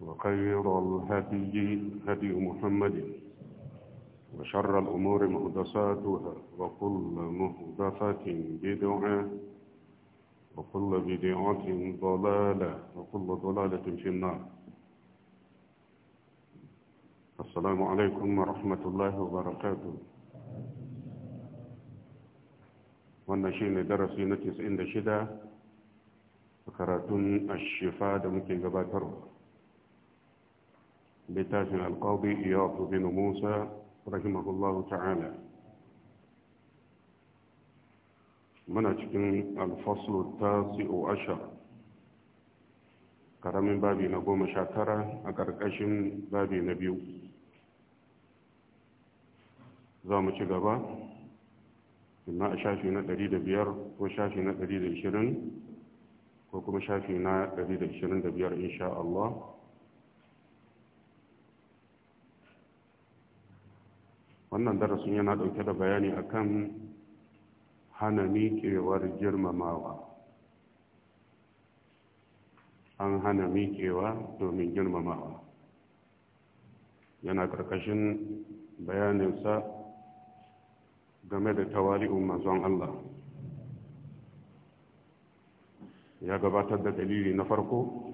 وخير الهدي هدي محمد وشر الأمور مهدساتها وكل مهدسة بدعة وكل بدعة ضلالة وكل ضلالة في النار السلام عليكم ورحمة الله وبركاته والنشين درسي نتس عند شدة وكراتون الشفاء دمكن قباتره littafin alƙawbi iyaku bin musa rahimahullahu ta'ala muna cikin alfaslu tasi'u ashar karamin babi na goma sha tara a ƙarƙashin babi na biyu za mu ci gaba imma a shafi na biyar ko shafi na ishirin ko kuma shafi na 125 insha Allah wannan darasin yana ɗauke da bayani akan hana miƙewar girmamawa an hana miƙewa domin girmamawa yana ƙarƙashin bayaninsa game da tawali'un mazan Allah ya gabatar da dalili na farko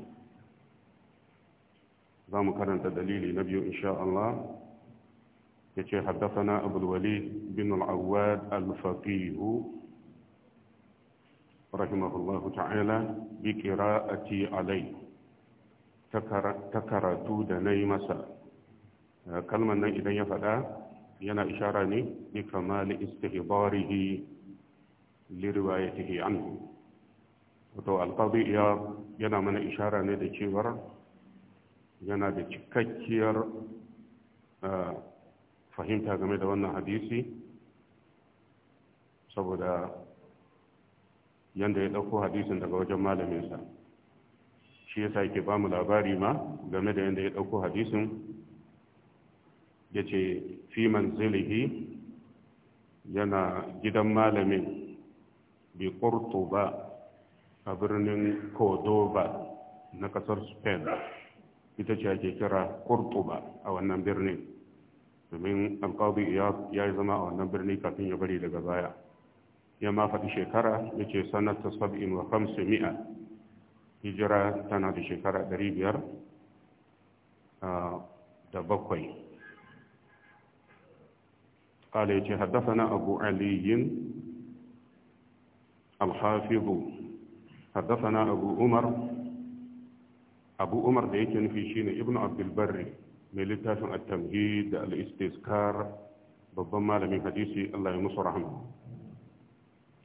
za mu karanta dalili na biyu insha Allah يتي حدثنا أبو الوليد بن العواد الفقيه رحمه الله تعالى بقراءتي عليه تكرتو دني مسا كلمة إذا يفدا ينا إشارة لكمال استهباره لروايته عنه wato alƙadi yana mana ishara ne da cewar yana da cikakkiyar fahimta game da wannan hadisi saboda yadda ya ɗauko hadisin daga wajen malaminsa shi yasa yake ba mu labari ma game da yadda ya ɗauko hadisin ya ce fi zilihi, yana gidan malamin bi ba a birnin cordoba na ƙasar spain ita ce ake kira kurtuba a wannan birnin domin alƙawbi ya yi zama a wannan birni kafin ya bari daga baya ya ma faɗi shekara ya ce sanar ta sab'in wa kamsu mi'a hijira tana da shekara ɗari biyar da bakwai ƙala ce haddasa na abu aliyin alhafihu haddasa na abu umar abu umar da yake nufi shine ibnu abdulbarri mai littafin at da al babban malamin hadisi Allah ya musu rahama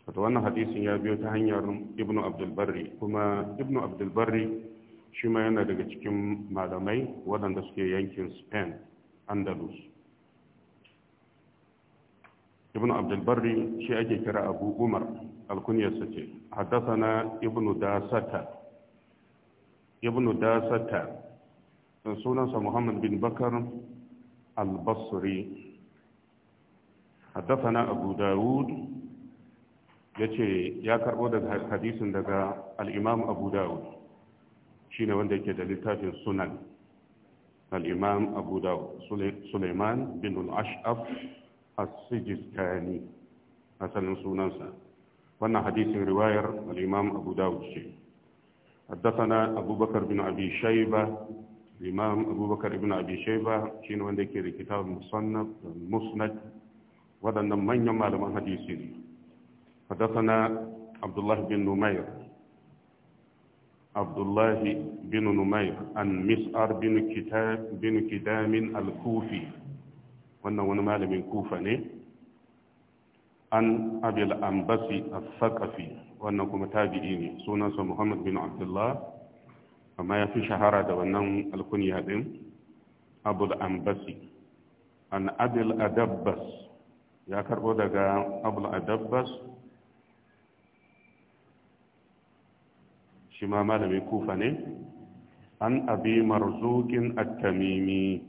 wata wannan hadisin ya biyo ta hanyar ibnu abdul kuma ibnu abdul shi ma yana daga cikin malamai waɗanda suke yankin spain andalus ibnu abdul shi ake kira abu umar alkunyarsa ce haddasa ibnu dasata ibnu dasata sunansa muhammad bin bakar al-basri haddathana abu dawud ya karɓo daga hadisin daga al-imam abu dawud shine wanda yake da littafin sunan al abu dawud suleiman bin al-ashaf as-sijistani asalin sunansa wannan hadisin riwayar al-imam abu dawud ce haddathana abu bakar bin abi shaiba imam abubakar ibn abishaiba shine wanda yake da kitabun musannaf da musnad waɗannan manyan malaman hadisi ne haddathana abdullah bin numair عبدالله بن نمير عن مسعر بن كتاب بن كدام الكوفي وانا وانا مال ne. كوفة ني عن ابي الانبسي الثقفي وانا كم تابعيني سونا محمد بن عبد الله amma ya fi shahara da wannan alkunya din abul ambasi an abil adabbas ya karbo daga abul adabbas shi ma malamin kufa ne an abi marzukin at-tamimi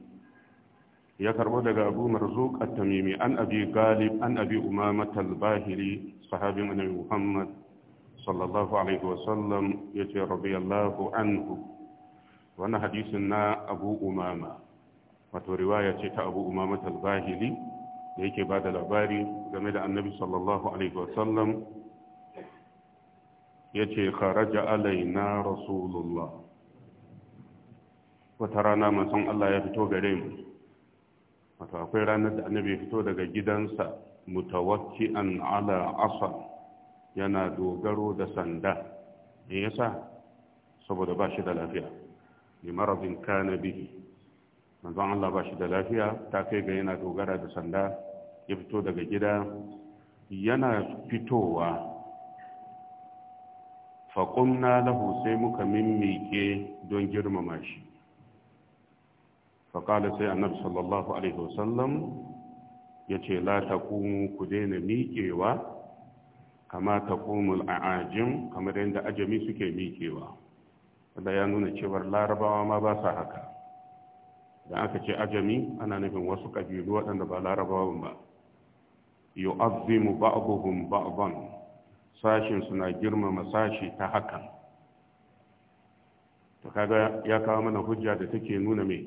ya karbo daga abu marzuk at-tamimi an abi galib an abi umama al-bahili sahabin annabi muhammad sallallahu alaihi wasallam ya ce radiyallahu anhu wannan hadisin na abu umama wato riwaya ce ta abu umama talbahili da yake ba da labari game da annabi sallallahu alaihi wasallam ya ce kharaja alaina rasulullah wata rana manzon Allah ya fito gare mu wato akwai ranar da annabi ya fito daga gidansa mutawakki'an ala asal yana dogaro da sanda me yasa saboda ba shi da lafiya Ni marabin kana bihi manzon Allah ba shi da lafiya ta kai ga yana dogara da sanda ya fito daga gida yana fitowa faƙumna lahu sai muka mimmike don girmama shi faƙala sai annabi sallallahu alaihi wasallam ya ce la ta ku daina miƙewa kama ta ƙumul ajin kamar yadda ajami suke miƙewa wanda ya nuna cewar larabawa ma ba sa haka da aka ce ajami ana nufin wasu ƙabilu waɗanda ba larabawa ba mu ba'dhum Sashen sashin suna girmama sashi ta hakan ta kaga ya kawo mana hujja da take nuna mai.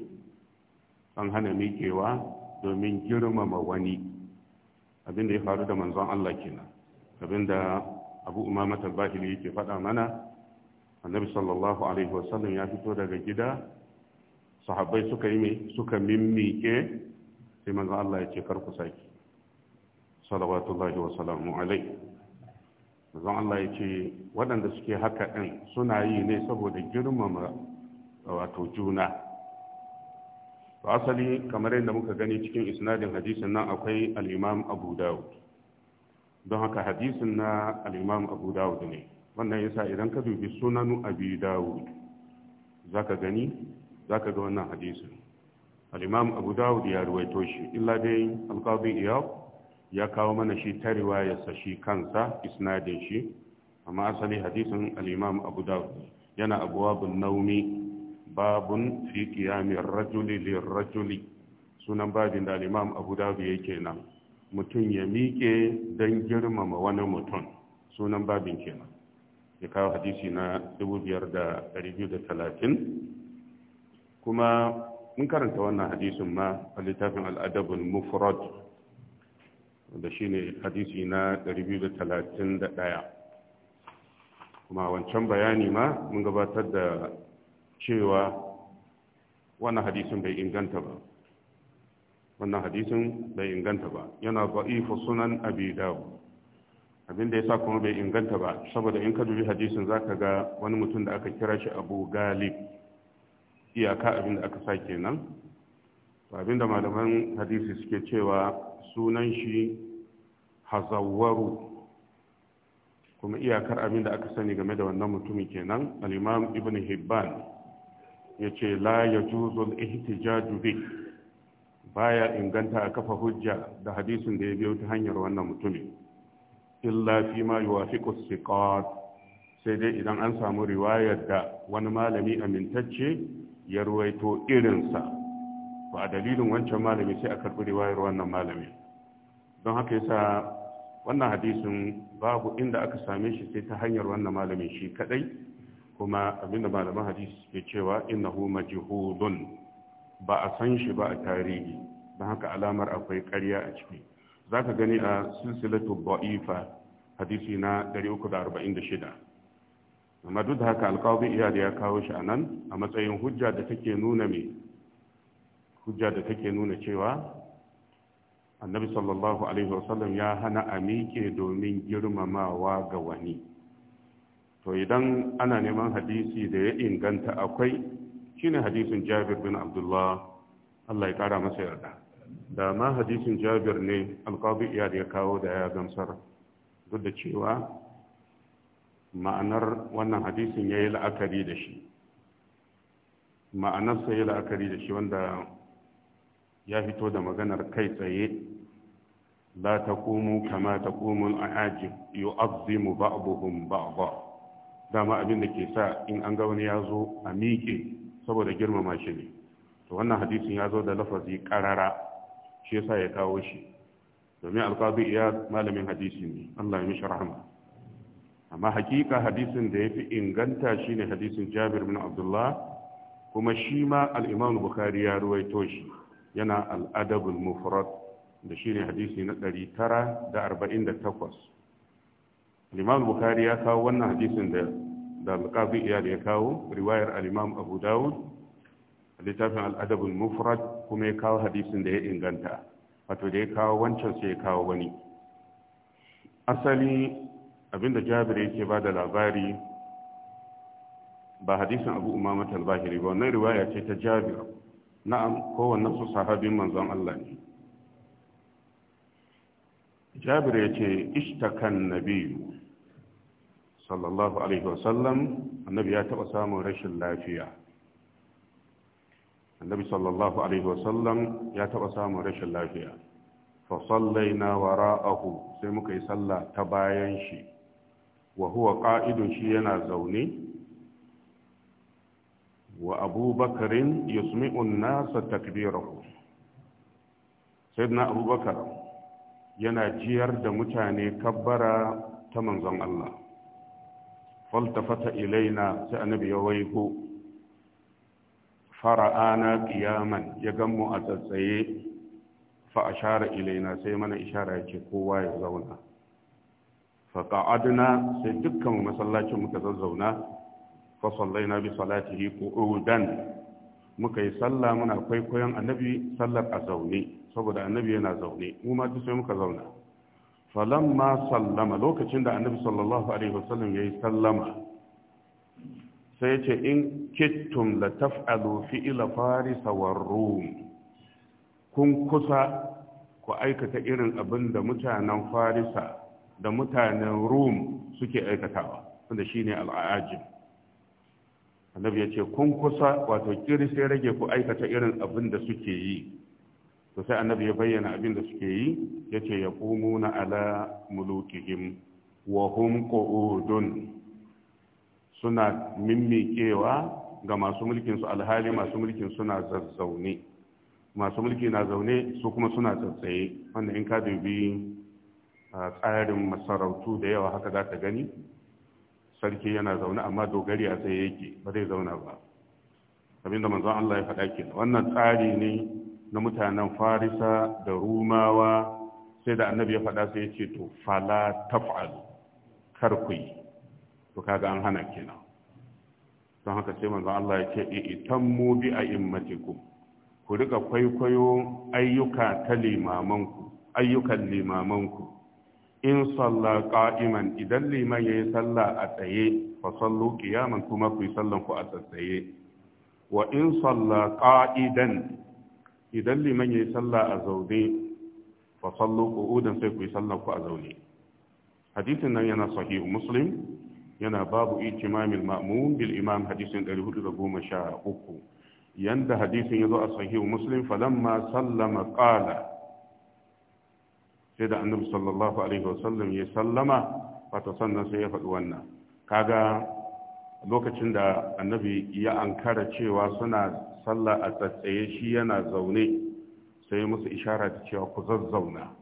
an hana miƙewa domin girmama wani Abinda ya faru da manzon Allah kenan abinda abu umama tabbahili yake faɗa mana annabi sallallahu alaihi wasallam ya fito daga gida sahabbai suka yi suka mimmike sai manzo Allah ya ce kar ku saki salawatullahi wa salamu alai manzo Allah ya ce waɗanda suke haka ɗin suna yi ne saboda girmama wato juna asali kamar yadda muka gani cikin isnadin hadisin nan akwai al-imam abu dawud don haka hadisin na al'imam abu dawud ne wannan yasa idan ka dubi sunanu abu dawud za ka gani za ka ga wannan hadisin al'imam abu dawud ya ruwaito shi illa dai alkawabin iyab ya kawo mana shi ta riwayarsa shi kansa isnadin shi amma asali hadisin al'imam abu dawud yana bin naumi babun fi kiyamin rajuli lirajuli sunan babin da al'imam abu dawud yake nan mutum ya miƙe don girmama wani mutum sunan babin kenan ya kawo hadisi na 5,230 kuma mun karanta wannan hadisin ma a littafin al'adabin mufrod da shi ne hadisi na 231 kuma wancan bayani ma mun gabatar da cewa wannan hadisin bai inganta ba wannan hadisin bai inganta ba yana ba'ifu sunan abi dawo abinda ya sa kuma bai inganta ba saboda in ka dubi hadisin za ka ga wani mutum da aka kira shi abu galib iyaka abinda aka sa kenan abinda malaman hadisi suke cewa sunan shi hazawaru kuma iyakar abin da aka sani game da wannan mutumin kenan al-imam ibn hibban yace la yajuzu ihtijaju bih baya inganta a kafa hujja da hadisin da ya biyo ta hanyar wannan mutumin illa fi ma yuwafiqu siqat sai dai idan an samu riwayar da wani malami amintacce ya ruwaito irinsa ba a dalilin wancan malami sai a karɓi riwayar wannan malami don haka yasa wannan hadisin babu inda aka same shi sai ta hanyar wannan malami shi kadai kuma abinda malaman hadisi ke cewa innahu majhulun ba a san shi ba a tarihi don haka alamar akwai karya a ciki za ka gani a silsilatu ba'ifa hadisi na 346 amma duk da haka iya iyali ya kawo shi a nan a matsayin hujja da take nuna mai hujja da take nuna cewa annabi sallallahu alaihi wasallam ya hana a miƙe domin girmamawa ga wani to idan ana neman hadisi da ya inganta akwai ne hadisin Jabir bin Abdullah Allah ya kara masa yarda da ma hadisin Jabir ne alqabi iyad ya kawo da ya gamsar duk da cewa ma'anar wannan hadisin yi la'akari da shi ma'anarsa yayi la'akari da shi wanda ya fito da maganar kai tsaye ta kama لا تقوموا كما تقوم الأعاجب mu ba. ba dama abin da ke sa in an ga wani ya zo a miƙe saboda girmama shi ne to wannan hadisin ya zo da lafazi karara shi yasa ya kawo shi domin alqazi iya malamin hadisi ne Allah ya mishi rahama amma hakika hadisin da yafi inganta shine hadisin Jabir bin Abdullah kuma shi ma al-Imam Bukhari ya ruwaito shi yana al-Adabul Mufrad da shine hadisi na 948 al-Imam Bukhari ya kawo wannan hadisin da da alƙazi iyali ya kawo riwayar al-imam abu dawud littafin al'adabin mufrad kuma ya kawo hadisin da ya inganta wato da ya kawo wancan sai ya kawo wani asali abinda jabir yake ba da labari ba hadisin abu umama talbahiri ba wannan riwaya ce ta jabir na'am kowannen su sahabin manzon Allah ne jabir ya ce ishtakan nabiyu sallallahu alaihi wasallam annabi ya taɓa samun rashin lafiya annabi sallallahu alaihi wasallam ya taɓa samun rashin lafiya fa sallaina wara'ahu sai muka yi sallah ta bayan shi wa huwa qa'idun shi yana zaune wa abubakarin yusmi'un nasa takbirahu sayyidina abubakar yana jiyar da mutane kabbara ta manzon Allah faltafata ilaina sai annabi ya waiko fara'ana qiyaman ya gammu a tsatsaye fa ashara ilaina sai mana ishara yake kowa ya zauna fa qa'adna sai dukkan masallacin muka zazzauna fa sallaina bi salatihi qu'udan muka yi sallah muna kwaikwayon annabi sallar a zaune saboda annabi yana zaune mu ma duk sai muka zauna falamma sallama lokacin da annabi sallallahu alaihi wasallam yayi sallama sai yace in kittum la taf'alu fi'la faris wa rum kun kusa ku aikata irin abin da mutanen farisa da mutanen rum suke aikatawa wanda shine al'ajib annabi yace kun kusa wato kiri sai rage ku aikata irin abin da suke yi to sai annabi ya bayyana abin da suke yi yace na ala mulukihim wa hum qu'udun suna mimmiƙewa ga masu mulkin su alhali masu mulkin suna zazzaune masu mulki na zaune su kuma suna tsatsaye wanda in ka dubi ah, tsarin masarautu da yawa haka za ta gani sarki yana zaune amma dogari a tsaye yake ba zai zauna ba abinda manzon Allah ya faɗa ke wannan tsari ne na mutanen farisa da rumawa sai da annabi ya faɗa sai ya ce to fala taf'al kar ku yi to kaga an hana kina don haka sai manzon Allah ya ce i mu bi a'immatikum ku rika kwaikwayo ayyuka ta limamanku ayyukan limaman ku in salla qa'iman idan liman yayi salla a tsaye fa sallu qiyaman kuma ku yi sallan ku a tsaye wa in salla qa'idan idan liman yayi sallah a zaune fa sallu qu'udan sai ku yi sallah ku a zaune hadisin nan yana sahihu muslim yana babu ikimamil ma'mum bil imam hadisin 413 yanda hadisin yazo a sahihu muslim ma sallama qala sai da annabi sallallahu alaihi wasallam ya sallama wato sannan sai ya faɗi wannan kaga lokacin da annabi ya ankara cewa suna sallah a tsatsaye shi yana zaune sai musu ishara da cewa ku zazzauna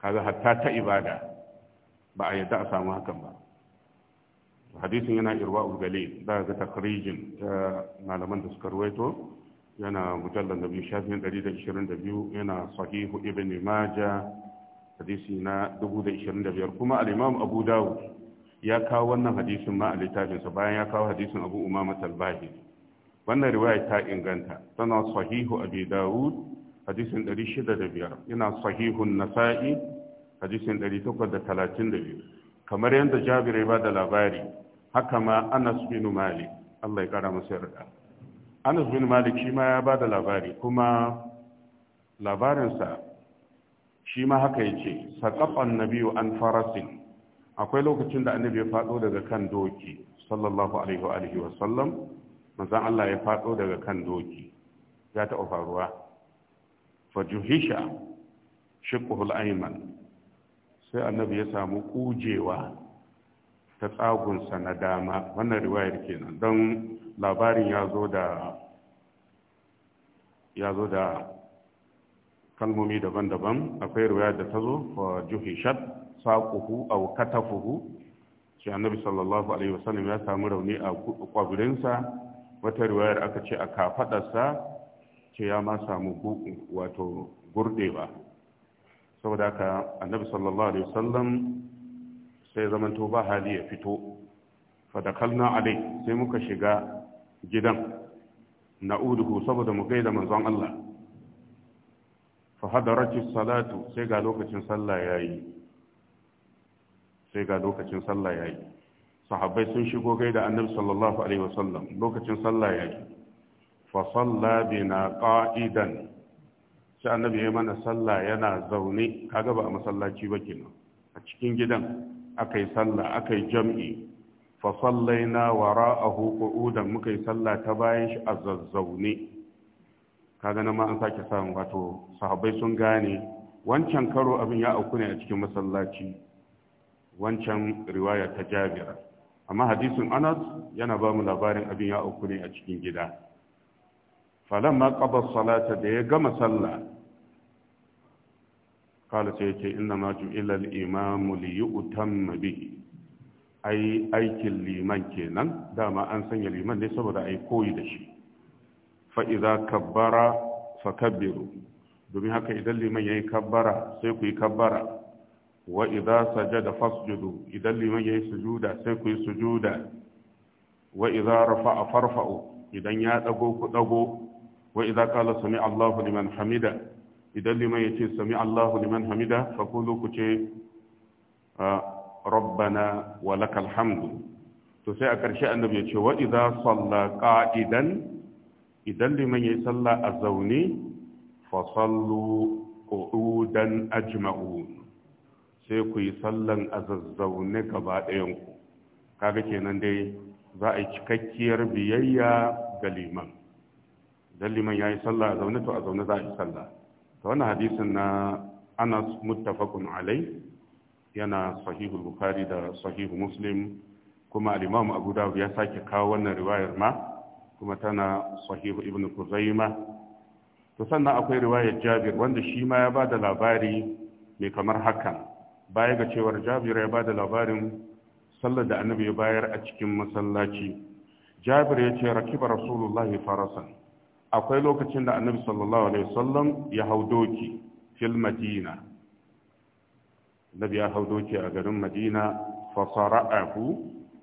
kaga hatta ta ibada ba a yadda a samu hakan ba hadisin yana irwa ulgali da ga takrijin eh, malaman da suka ruwaito yana mujallar da biyu shafin biyu, yana sahihu ibn maja hadisi na dubu da da ishirin biyar. kuma al'imam abu dawud ya kawo wannan hadisin ma a littafinsa bayan ya kawo hadisin abu umama talbahi wannan riwaya ta inganta tana sahihu abi dawud hadisin 605 ina sahihun nasa'i hadisin 832 kamar yadda jabir ya bada labari haka ma anas bin malik Allah ya kara masa yarda anas bin malik shi ma ya bada labari kuma labarinsa shi ma haka ya ce na biyu an farasin akwai lokacin da annabi ya faɗo daga kan doki sallallahu alaihi wa sallam manzan Allah ya faɗo daga kan doki ya taɓa faruwa fa juhisha aiman sai annabi ya samu kujewa ta tsagunsa na dama wannan riwayar kenan don labarin ya zo da kalmomi daban-daban akwai riwayar da ta zo fa shat, saquhu katafuhu shi annabi sallallahu alaihi wasallam ya samu rauni a kwabirinsa wata riwayar aka ce a kafadarsa ce ya ma samu wato gurdewa saboda ka annabi sallallahu alaihi wasallam sai zamanto ba hali ya fito fadakalna alai sai muka shiga gidan na'uduhu saboda mu gaida manzon Allah fa hadaratis salatu sai ga lokacin sallah yayi sai ga lokacin sallah yayi sahabbai sun shigo gai da annabi sallallahu alaihi wasallam lokacin sallah yayi fa salla bina qa'idan sai annabi ya mana sallah yana zaune kaga ba a masallaci ba kenan a cikin gidan akai sallah akai jam'i fa sallaina wara'ahu qu'udan muka yi sallah ta bayan shi a zazzaune kaga nan ma an sake samu wato sahabbai sun gane wancan karo abin ya auku ne a cikin masallaci wancan riwaya ta jabira amma hadisin anas yana ba mu labarin abin ya auku ne a cikin gida falamma qabas salata da ya gama sallah kala sai yake inna ma ju'ila al-imam li yu'tamma bihi ai aikin liman kenan dama an sanya liman ne saboda ai koyi da shi fa idza kabbara kabbiru domin haka idan liman yayi kabbara sai ku yi kabbara wa idza sajada fasjudu idan liman yayi sujuda sai ku yi sujuda wa idza a farfa'u idan ya dago ku dago wa idza qala sami Allahu liman hamida idan liman yace sami Allahu liman hamida fa kulu ku ce ah, rabbana wa lakal hamdu to sai a ƙarshe annabi ya ce wa idza salla qa'idan idan liman yayi salla a zaune fa sallu qu'udan ajma'un sai ku yi sallan a zazzaune gaba ɗayanku kaga kenan dai za a yi cikakkiyar biyayya ga liman Idan liman ya yi sallah a zaune to a zaune za a yi sallah ta wani hadisin na anas muttafaqun alai yana sahihu bukhari da sahihu muslim kuma al-imam abu dawud ya sake kawo wannan riwayar ma kuma tana sahihu ibn kuzaima to sannan akwai riwayar jabir wanda shi ma ya ba da labari mai kamar hakan baya ga cewar jabir ya ba da labarin sallar da annabi ya bayar a cikin masallaci jabir ya ce rakiba rasulullahi farasan akwai lokacin da annabi sallallahu alaihi wasallam ya hau doki fil madina ya hau doki a garin madina fasara'ahu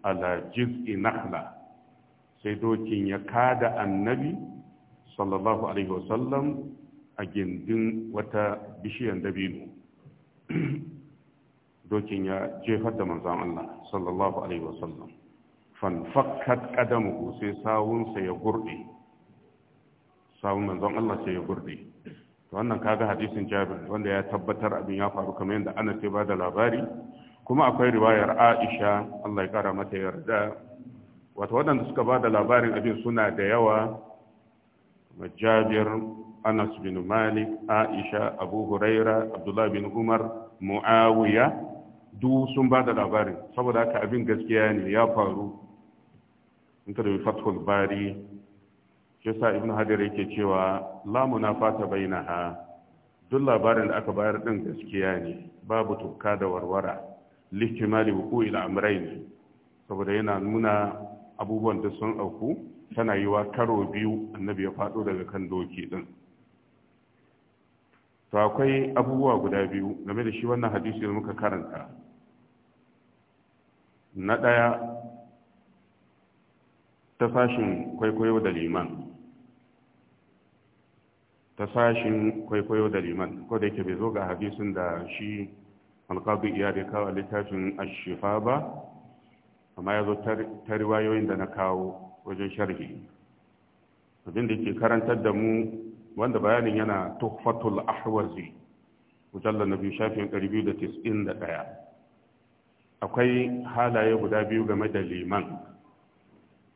ala jiz'i nahla sai dokin ya kada annabi sallallahu alaihi wasallam a gindin wata bishiyar dabino dokin ya jefar da manzan Allah sallallahu alaihi wasallam fanfakkat qadamuhu sai sawunsa ya gurde sawun Allah sai ya gurde to wannan kaga hadisin Jabir wanda ya tabbatar abin ya faru kamar yadda Anas ya da labari kuma akwai riwayar Aisha Allah ya kara mata yarda Wata waɗanda suka da labarin abin suna da yawa majabir Anas bin Malik Aisha Abu Huraira Abdullah bin Umar Muawiya duk sun ba da labarin saboda haka abin gaskiya ne ya faru in ka da fathul bari shi sa ibn hajar yake cewa lamuna fata baina ha duk labarin da aka bayar ɗin gaskiya ne babu tukka da warwara lihtimali wuku ila amrayn saboda yana nuna abubuwan da sun auku tana yi wa karo biyu annabi ya fado daga kan doki din to akwai abubuwa guda biyu game da shi wannan hadisi da muka karanta na ɗaya ta sashin kwaikwayo da liman ta sashin kwaikwayo da liman ko da yake bai zo ga hadisin da shi alƙadu iya da kawo littafin ashifa ba amma ya zo ta riwayoyin da na kawo wajen sharhi abin da ke karantar da mu wanda bayanin yana tuhfatul ahwazi mujallar na biyu shafin 291 akwai halaye guda biyu game da liman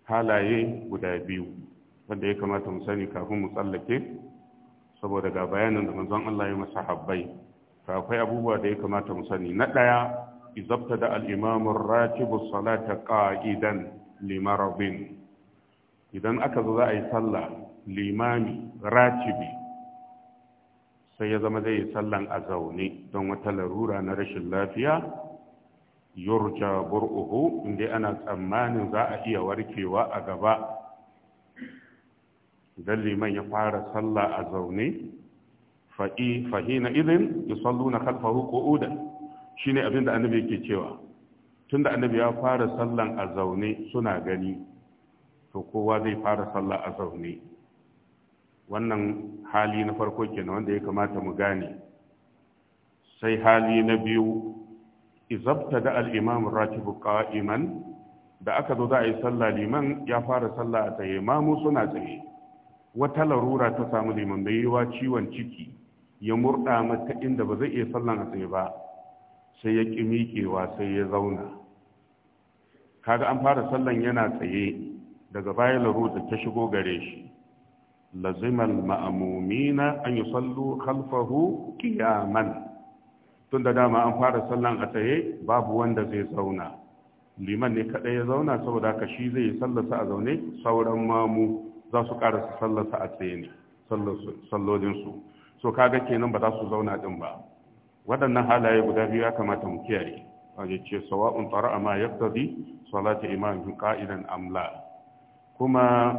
halaye guda biyu wanda ya kamata mu sani kafin mu tsallake saboda ga bayanin da manzon Allah ya masa habbai to akwai abubuwa da ya kamata mu sani na daya izabta da al-imam ar-ratibu salata qa'idan limarabin idan aka zo za a yi sallah limami ratibi sai ya zama zai yi sallan a zaune don wata larura na rashin lafiya yurja bur'uhu inda ana tsammanin za a iya warkewa a gaba idan liman ya fara sallah a zaune fahina izin ya sallu na kalfahu ko shi ne abin da annabi yake cewa Tunda annabi ya fara sallan a zaune suna gani to kowa zai fara sallah a zaune wannan hali na farko kenan wanda ya kamata mu gane sai hali na biyu izabta da al'imam ratibu ƙa'iman da aka zo za a yi sallah liman ya fara sallah a tsaye mamu suna tsaye wata larura ta samu liman bai yiwa ciwon ciki ya murɗa mata inda ba zai iya sallan a tsaye ba sai ya ƙi miƙewa sai ya zauna kaga an fara sallan yana tsaye daga baya larura ta shigo gare shi lazimal ma'amumina an yi sallu khalfahu qiyaman tun da dama an fara sallan a tsaye babu wanda zai zauna liman ne kaɗai ya zauna saboda haka shi zai yi sallarsa a zaune sauran mamu za su ƙarasa sallarsa a tsaye ne sallolinsu so kaga kenan ba za su zauna din ba waɗannan halaye guda biyu ya kamata mu kiyaye wanda ce sawa'un tsara ma yaftadi salati imamin ka'idan amla kuma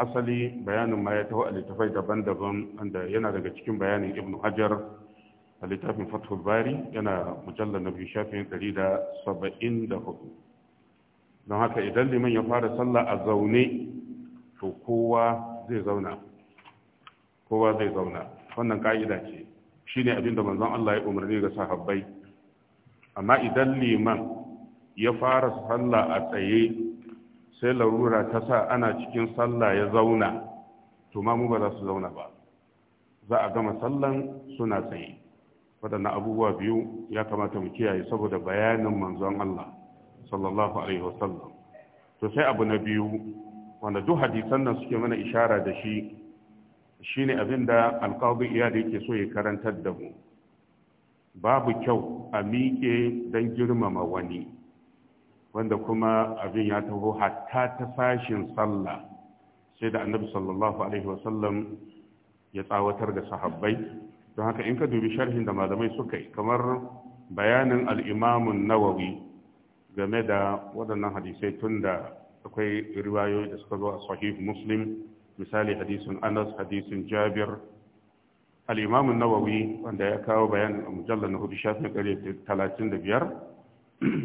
asali bayanin ma ya taho a littafai daban-daban yana daga cikin bayanin ibnu hajar a littafin fathul bari yana mujallar na biyu shafin da da saba'in hudu. don haka idan liman ya fara sallah a zaune to kowa zai zauna kowa zai zauna wannan ka'ida ce Shi shine abinda manzon Allah ya umarni ga sahabbai amma idan liman ya fara sallah a tsaye sai larura ta sa ana cikin sallah ya zauna to ma mu ba za su zauna ba za a gama sallan suna tsaye waɗannan abubuwa biyu ya kamata mu kiyaye saboda bayanin manzon Allah sallallahu alaihi wasallam to sai abu na biyu wanda duk hadisan nan suke mana ishara da shi shine abin da alqadi iyali yake so ya karantar da mu babu kyau a miƙe don girmama wani wanda kuma abin ya taho hatta ta sashin sallah sai da annabi sallallahu alaihi wasallam ya tsawatar da sahabbai don haka in ka dubi sharhin da malamai suka yi kamar bayanin al'imamun nawawi game da waɗannan hadisai tun da akwai riwayoyi da suka zo a sahih muslim misali hadisin anas hadisin jabir al'imamun nawawi wanda ya kawo bayanin a mujallar na hudu shafin ɗari talatin da biyar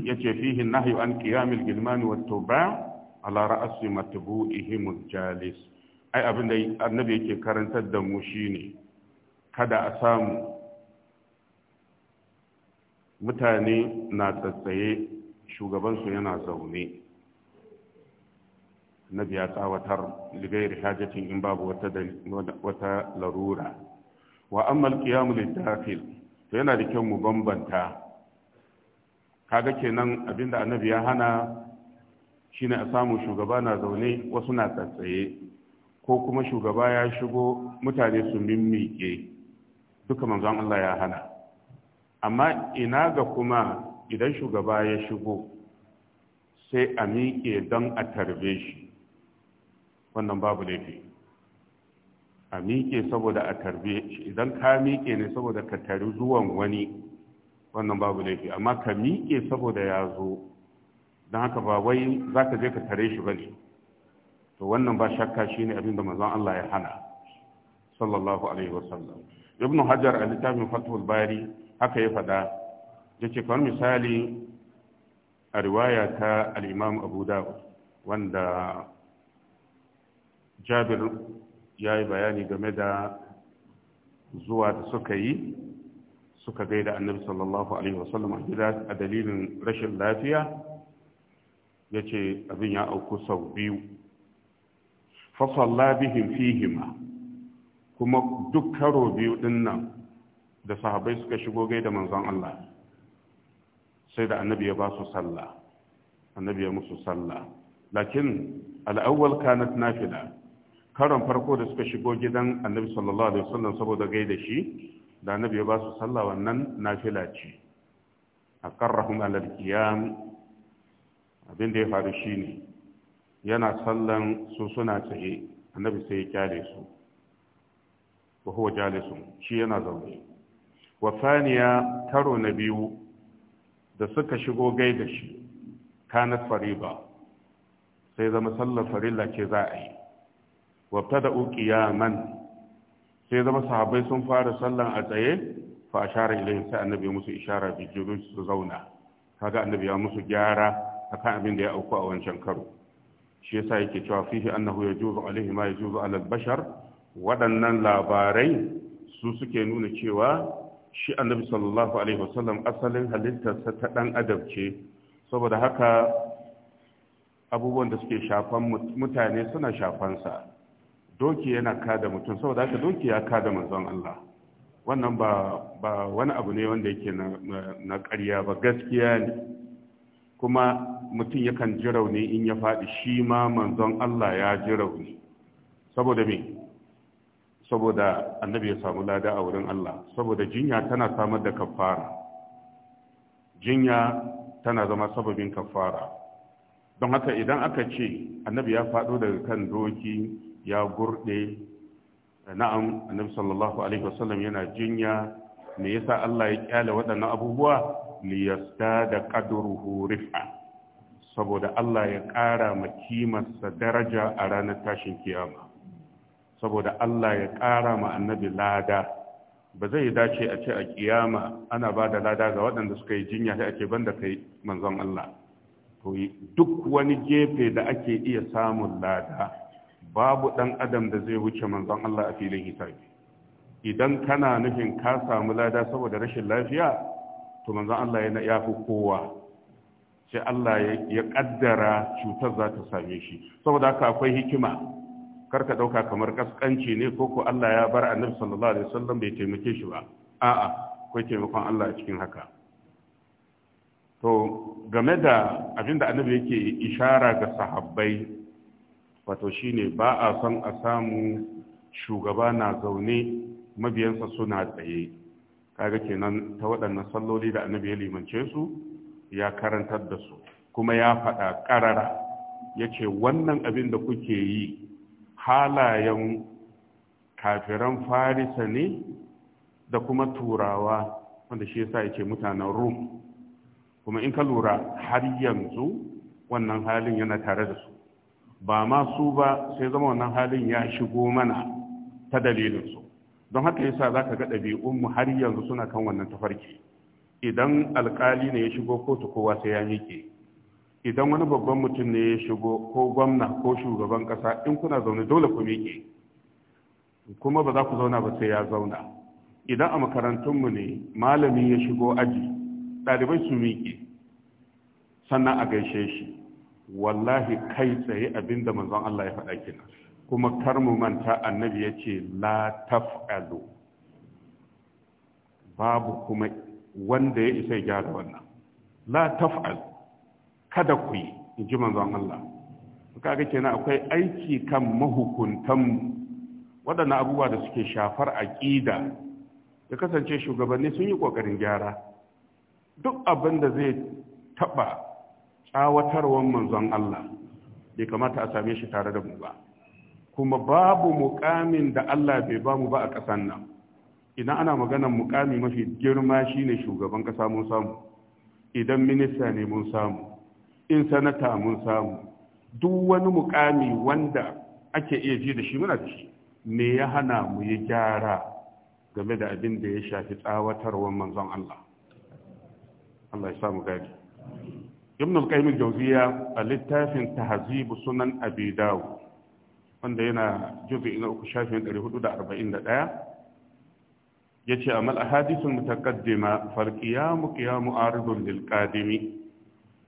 ya ce fihin nahi an kiyamil gilmani wa toba ala ra'asi matubu ihimul jalis ai abin da annabi yake karantar da mu shine kada a samu mutane na tsatsaye shugabansu yana zaune na biya tsawatar ligairi hajjacin in babu wata larura wa ammal qiyamu littafil to yana da kyau mu bambanta kaga kenan abinda annabi ya hana shine a samu shugaba na zaune wasu na tsatsaye ko kuma shugaba ya shigo mutane su mimmiƙe duka manzon Allah ya hana amma ina ga kuma idan shugaba ya shigo sai a miƙe don a tarbe shi wannan babu laifi a miƙe saboda a tarbe shi idan ka miƙe ne saboda ka tari zuwan wani wannan babu laifi amma ka miƙe saboda ya zo don haka ba wai za ka je ka tare shi ba ne to wannan ba shakka shi ne abin da mazan Allah ya hana sallallahu alaihi wasallam ibnu hajar a littafin fathul bari haka ya faɗa yace kamar misali a riwaya ta alimam abu wanda jabir ya yi bayani game da zuwa da suka yi suka gaida annabi sallallahu alaihi wasallam a gida a dalilin rashin lafiya ya ce abin ya auku sau biyu fasalla bihim fihima kuma duk karo biyu din nan da sahabbai suka shigo gai da manzon Allah sai da annabi ya ba su sallah annabi ya musu sallah lakin al'awwal kanat nafila karon farko da suka shigo gidan annabi sallallahu alaihi wasallam saboda gai da shi da annabi ya ba su sallah wannan nafila ce aqarrahum ala al-qiyam abin da ya faru shine yana sallan su suna tsaye annabi sai ya kyale su wa huwa jalisun shi yana zaune wa saniya na biyu da suka shigo gai da shi kanat fariba sai zama sallar farilla ce za a yi wa tada'u man. sai zama sahabbai sun fara sallan a tsaye fa share ilai sai annabi musu ishara bi julus su zauna kaga annabi ya musu gyara akan abin da ya auku a wancan karo shi yasa yake cewa fihi annahu yajuzu alaihi ma ya ala al-bashar waɗannan labarai su suke nuna cewa shi annabi sallallahu alaihi wasallam asalin halittarsa ta ɗan adam ce saboda haka abubuwan da suke shafan mutane suna shafansa doki yana kada mutum saboda haka doki ya kada manzon Allah wannan ba wani abu ne wanda yake na ƙarya ba gaskiya ne kuma mutum yakan ji rauni in ya faɗi shi ma manzon Allah ya ji rauni saboda me saboda annabi ya samu lada a wurin Allah saboda jinya tana samar da kafara jinya tana zama sababin kafara don haka idan aka ce annabi ya faɗo daga kan doki ya gurɗe na'am annabi sallallahu alaihi wasallam yana jinya me yasa Allah ya kyale waɗannan abubuwa liyastada qadruhu rif'a saboda Allah ya ƙara ma kimarsa daraja a ranar tashin kiyama saboda Allah ya ƙara ma annabi lada ba zai dace a ce a kiyama ana ba da lada ga waɗanda suka yi jinya sai a banda kai manzon Allah to duk wani gefe da ake iya samun lada babu ɗan adam da zai wuce manzon Allah a filin hisabi idan kana nufin ka samu lada saboda rashin lafiya to manzon Allah ya fi kowa sai Allah ya ƙaddara cutar za ta same shi saboda haka akwai hikima karka dauka kamar kaskanci ne ko ko Allah ya bar annabi sallallahu alaihi wasallam bai taimake shi ba a'a akwai taimakon Allah a cikin haka to game da abinda annabi yake ishara ga sahabbai wato shine ba a son a samu shugaba na zaune mabiyansa suna tsaye kaga kenan ta waɗannan salloli da annabi ya limance su ya karantar da su kuma ya faɗa ƙarara ya ce wannan abin da kuke yi halayen kafiran farisa ne da kuma turawa wanda shi yasa yake mutanen rum kuma in ka lura har yanzu wannan halin yana tare da su ba ma su ba sai zama wannan halin ya shigo mana ta dalilinsu don haka yasa za ka ga ɗabi'unmu har yanzu suna kan wannan tafarki idan alkali ne ya shigo kotu kowa sai ya miƙe idan wani babban mutum ne ya shigo ko gwamna ko shugaban kasa in kuna zaune dole ku miƙe kuma ba za ku zauna ba sai ya zauna idan a makarantunmu ne malami ya shigo aji ɗalibai su miƙe sannan a gaishe shi wallahi kai tsaye abin da manzon Allah ya faɗa kina kuma kar mu manta annabi ya ce la taf'alu babu kuma wanda ya isa ya gyara wannan la taf'alu kada ku yi in ji manzon Allah kaga kenan akwai aiki kan mahukuntan waɗannan abubuwa da suke shafar aƙida ya kasance shugabanni sun yi ƙoƙarin gyara duk abin da zai taɓa tsawatarwan manzon Allah bai kamata a same shi tare da mu ba kuma babu mukamin da Allah bai ba mu ba a ƙasan nan idan ana maganar mukami mafi girma shine shugaban ƙasa mun samu idan minista ne mun samu in sanata mun samu duk wani mukami wanda ake iya ji da shi muna da shi me ya hana mu yi gyara game da abin da ya shafi tsawatarwar manzon Allah Allah ya samu gadi ibn al-qayyim al-jawziya a littafin tahzib sunan abi dawud wanda yana juz'i na uku shafin 441 yace amal ahadithul mutaqaddima ta qiyamu qiyamu aridun lil qadimi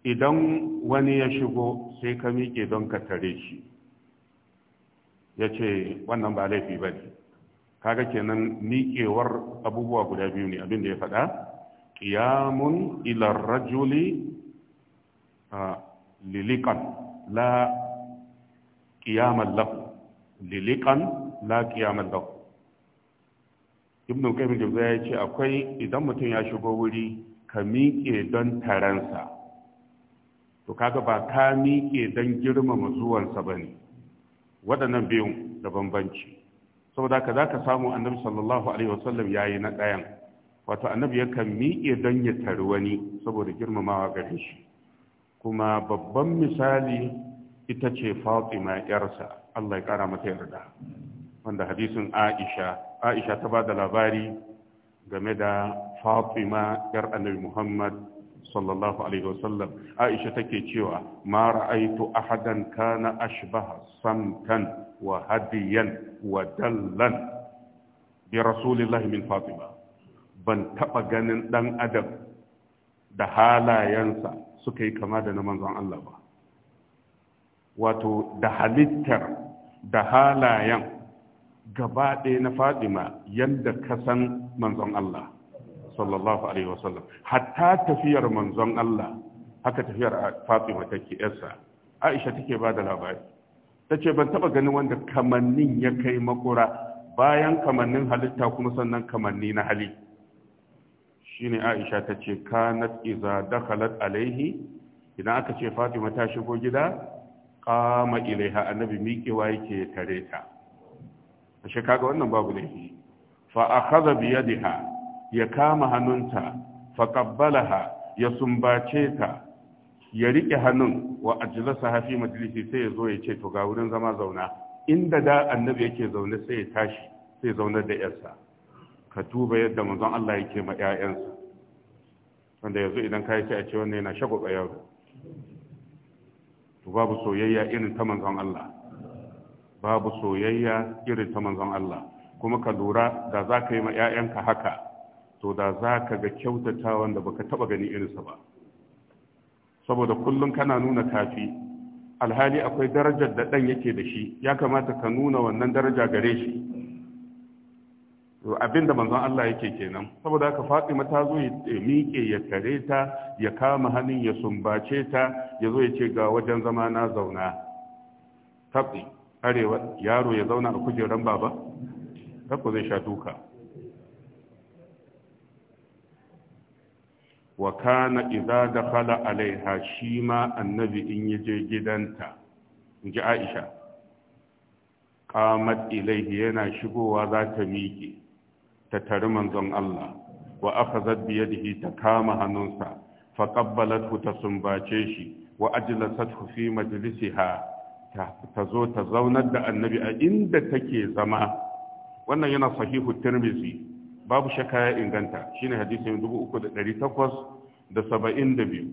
idan wani ya shigo sai ka miƙe don ka tare shi ya ce wannan ba laifi ba ne kaga kenan miƙewar abubuwa guda biyu ne abinda ya faɗa ƙiyamun ilar rajuli lilikan la ƙiyaman lafi lilikan la ƙiyaman lafi ibn qayyim ya ce akwai idan mutum ya shigo wuri ka miƙe don taransa to kaga ba ka miƙe don girmama zuwansa ba ne waɗannan biyun da bambanci saboda ka za ka samu annabi sallallahu alaihi wasallam ya yi na ɗayan wato annabi ya kan miƙe don ya tari wani saboda girmamawa gare shi kuma babban misali ita ce fatima yarsa allah ya ƙara mata yarda wanda hadisin aisha aisha ta ba da labari game da fatima yar annabi muhammad sallallahu alaihi wasallam aisha take cewa ma ra'aitu ahadan kana ashbaha samtan wa hadiyan wa dallan bi rasulillahi min fatima ban taba ganin dan adam da halayensa suka yi kama da na manzon Allah ba wato da halittar da halayen gaba ɗaya na fatima yadda ka san manzon Allah sallallahu alaihi wasallam hatta tafiyar manzon Allah haka tafiyar Fatima take yarsa Aisha take ba da labari tace ban taba ganin wanda kamannin ya kai makura bayan kamannin halitta kuma sannan kamanni na hali shine Aisha tace kanat iza dakhalat alaihi idan aka ce Fatima ta shigo gida qama ilaiha annabi miƙewa yake tare ta ashe kaga wannan babu laifi fa akhadha biyadiha ya kama hannunta faqabbalaha ya sumbace ta ya rike hannun wa ajlasa hafi majalisi sai ya zo ya ce to ga wurin zama zauna inda da annabi yake zaune sai ya tashi sai zaunar da yarsa ka tuba yadda manzon Allah yake ma ƴaƴansa wanda yanzu idan ka yi sai a ce wannan yana shagwaba yaro to babu soyayya irin ta manzon Allah babu soyayya irin ta manzon Allah kuma ka lura da za ka yi ma 'ya'yanka haka to da za ka ga kyautatawan da baka taba gani irinsa ba saboda kullum kana nuna kafi alhali akwai darajar da ɗan yake da shi ya kamata ka nuna wannan daraja gare shi abin da manzon Allah yake kenan saboda haka Fatima mata zo ya miƙe ya kare ta ya kama hannun ya sumbace ta ya zo ya ce ga wajen zama na zauna tabi arewa yaro ya zauna a kujerar baba taɓa zai sha duka wa kana idza dakhala alaiha shi ma annabi in yaje gidanta inji Aisha qamat ilaihi yana shigowa za ta miƙe ta tari manzon Allah wa akhazat bi yadihi ta kama hannunsa fa qabbalathu ta sumbace shi wa ajlasathu fi majlisiha ta zo ta zaunar da annabi a inda take zama wannan yana sahihu tirmizi babu shakka ya inganta shine hadisin 3800 da saba'in da biyu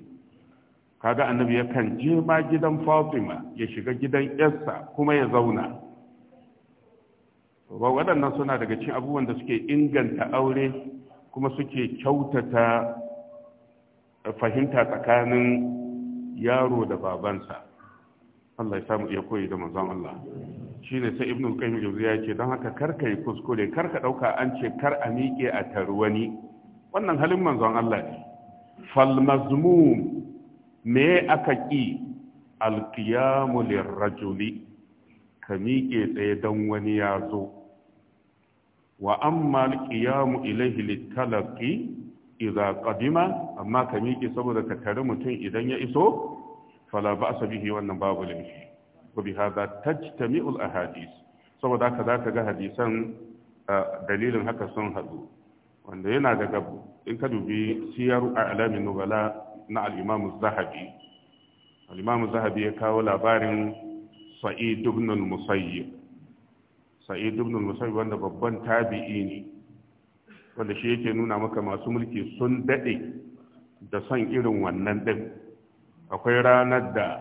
kaga annabi kan je ma gidan fatima ya shiga gidan yarsa kuma ya zauna ba waɗannan suna daga cikin abubuwan da suke inganta aure kuma suke kyautata fahimta tsakanin yaro da babansa Allah ya samu iya koyi da manzon Allah ne sai ibnu qayyim ya ce, don haka karka yi kuskure karka ɗauka an ce kar a miƙe a tarwani wannan halin manzon Allah ne falmazmum me aka ƙi alƙiyamu lirrajuli ka miƙe tsaye don wani ya zo wa amma alƙiyamu ilaihi littalaqi idza qadima amma ka miƙe saboda ka tare mutum idan ya iso fala ba'sa bihi wannan babu laifi wa bi hadha mi'ul a hadis saboda haka zaka ga hadisan ah, dalilin haka sun haɗu wanda yana daga in ka dubi siyar alamin nubala na al'imamu zahabi al'imamu zahabi ya kawo labarin sa'id ibn musayyib sa'id ibn musayyib wanda babban tabi'i ne wanda shi yake nuna maka masu mulki sun daɗe da son irin wannan ɗin. akwai ranar da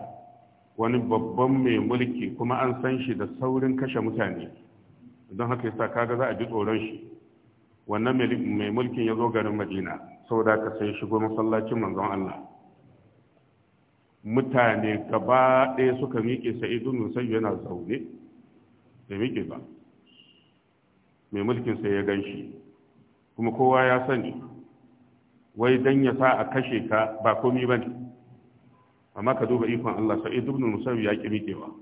wani babban mai mulki kuma an san shi da saurin kashe mutane don haka yasa kaga za a ji tsoron shi wannan mai mulkin ya zo garin madina saboda ka sai shigo masallacin manzon Allah mutane gaba ɗaya suka miƙe sa'idu sai yana zaune da miƙe ba mai mulkin sai ya gan shi kuma kowa ya sani wai dan ya sa a kashe ka ba komi ba ne amma ka duba ikon Allah sa'idu nusai ya ƙi miƙewa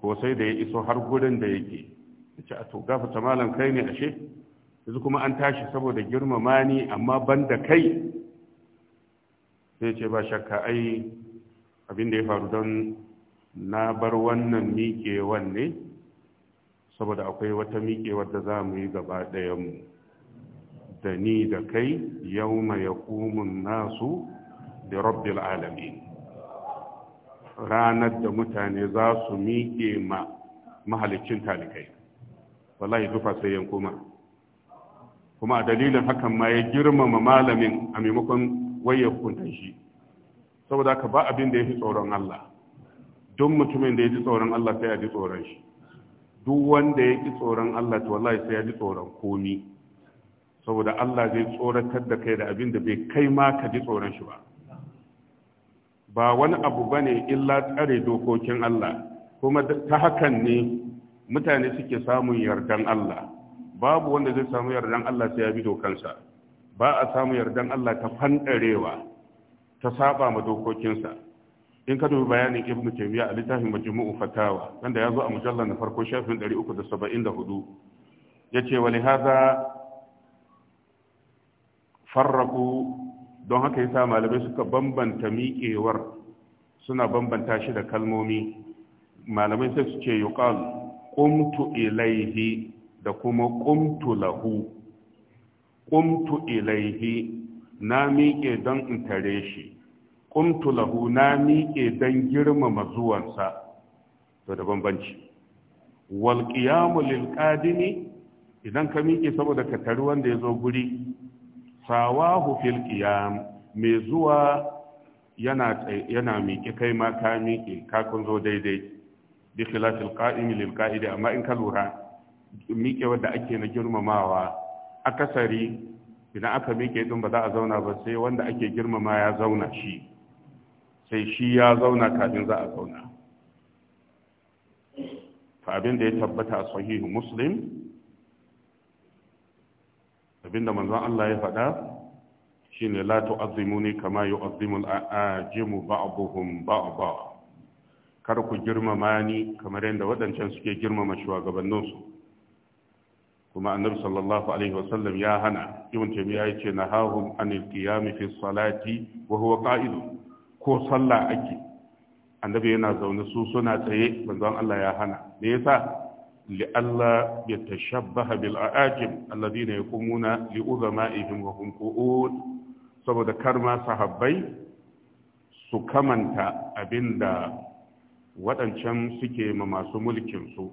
ko sai da ya iso har gurin da yake ce a to gafata malam kai ne ashe yanzu kuma an tashi saboda girmama ni amma ban da kai sai ce ba shakka ai abin da ya faru don na bar wannan miƙewan ne saboda akwai wata miƙewar da za mu yi gaba mu da ni da kai yau ya ya nasu da rabbil alami ranar da mutane za su miƙe ma mahalicin talikai wallahi zufa sai yan koma kuma a dalilin hakan ma ya girmama malamin a maimakon waye hukunta shi saboda ka ba abin da ya fi tsoron Allah duk mutumin da ya ji tsoron Allah sai ya ji tsoron shi duk wanda ya ji tsoron Allah to wallahi sai ya ji tsoron komi saboda Allah zai tsoratar da kai da abin da bai kai ma ka ji tsoron shi ba ba wani abu bane illa tsare dokokin Allah kuma ta hakan ne mutane suke samun yardan Allah babu wanda zai samu yardan Allah sai ya bi dokansa ba a samu yardan Allah ta fandarewa ta saba ma dokokinsa in ka dubi bayanin ibn taymiya a littafin majmu'u fatawa wanda ya zo a mujallar na farko shafin 374 yace wa lihaza farraku don haka yasa malamai suka bambanta miƙewar suna bambanta shi da kalmomi malamai sai su ce yuqalu qumtu ilaihi da kuma qumtu lahu qumtu ilaihi na miƙe don in tare shi qumtu lahu na miƙe don girmama zuwansa to da bambanci wal qiyamu lil qadimi idan ka miƙe saboda ka tari wanda ya zo guri sawahu fil qiyam mai zuwa yana yana miƙe kai ma ka miƙe ka kun zo daidai bi khilafil qa'imi lil qa'idi amma in ka lura mike wanda ake na girmamawa akasari ina aka mike din ba za a zauna ba sai wanda ake girmama ya zauna shi sai shi ya zauna kafin za a zauna fa abin ya tabbata a sahihu muslim abin da manzon Allah ya faɗa shine azimu ne kama yu'azzimu al-ajimu ba'dhum ba'dha kar ku girmama ni kamar yadda waɗancan suke girmama shugabanninsu kuma annabi sallallahu alaihi wasallam ya hana ibn taymiya yace nahahum anil qiyam fi salati wa huwa qa'id ko sallah ake annabi yana zaune su suna tsaye manzon Allah ya hana me yasa li Allah ya tashabbaha bil aajim alladhina yaqumuna li udhama'ihim wa hum qu'ud saboda karma sahabbai su kamanta abinda waɗancan suke ma masu mulkin su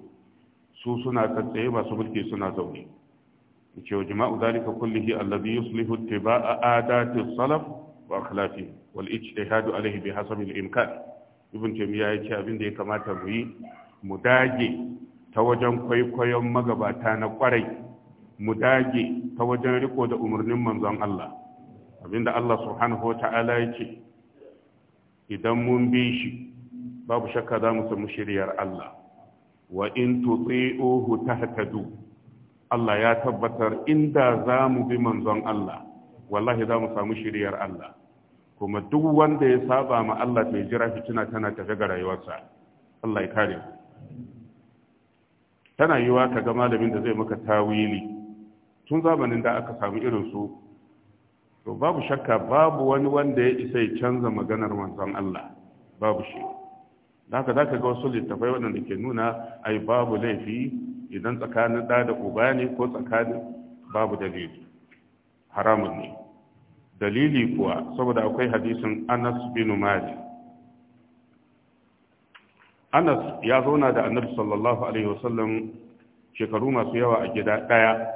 su suna tsaye masu mulki suna zaune ce wa jima'u zalika kullihi allazi yuslihu a adati salaf wa akhlafi wal ijtihadu alayhi bi hasabi al imkan ibn taymiya yace abin da ya kamata mu yi mu dage ta wajen kwaikwayon magabata na kwarai mu dage ta wajen riko da umarnin manzon Allah abinda Allah subhanahu wa ta'ala yake idan mun bi shi babu shakka za mu samu shiryar Allah wa in tuti'uhu tahtadu Allah ya tabbatar inda za mu bi manzon Allah wallahi za mu samu shiryar Allah kuma duk wanda ya saba ma Allah mai jira fitina tana tafe ga rayuwarsa Allah ya kare tana yiwa ka ga malamin da zai maka tawili tun zamanin da aka samu irin su to babu shakka babu wani wanda ya isa ya canza maganar manzon Allah babu shi da haka za ga wasu littafai waɗanda ke nuna a yi babu laifi idan tsakanin ɗa da uba ne ko tsakanin babu dalili haramun ne dalili kuwa saboda akwai hadisin anas bin mali anas ya zauna da annabi sallallahu alaihi wasallam shekaru masu yawa a gida ɗaya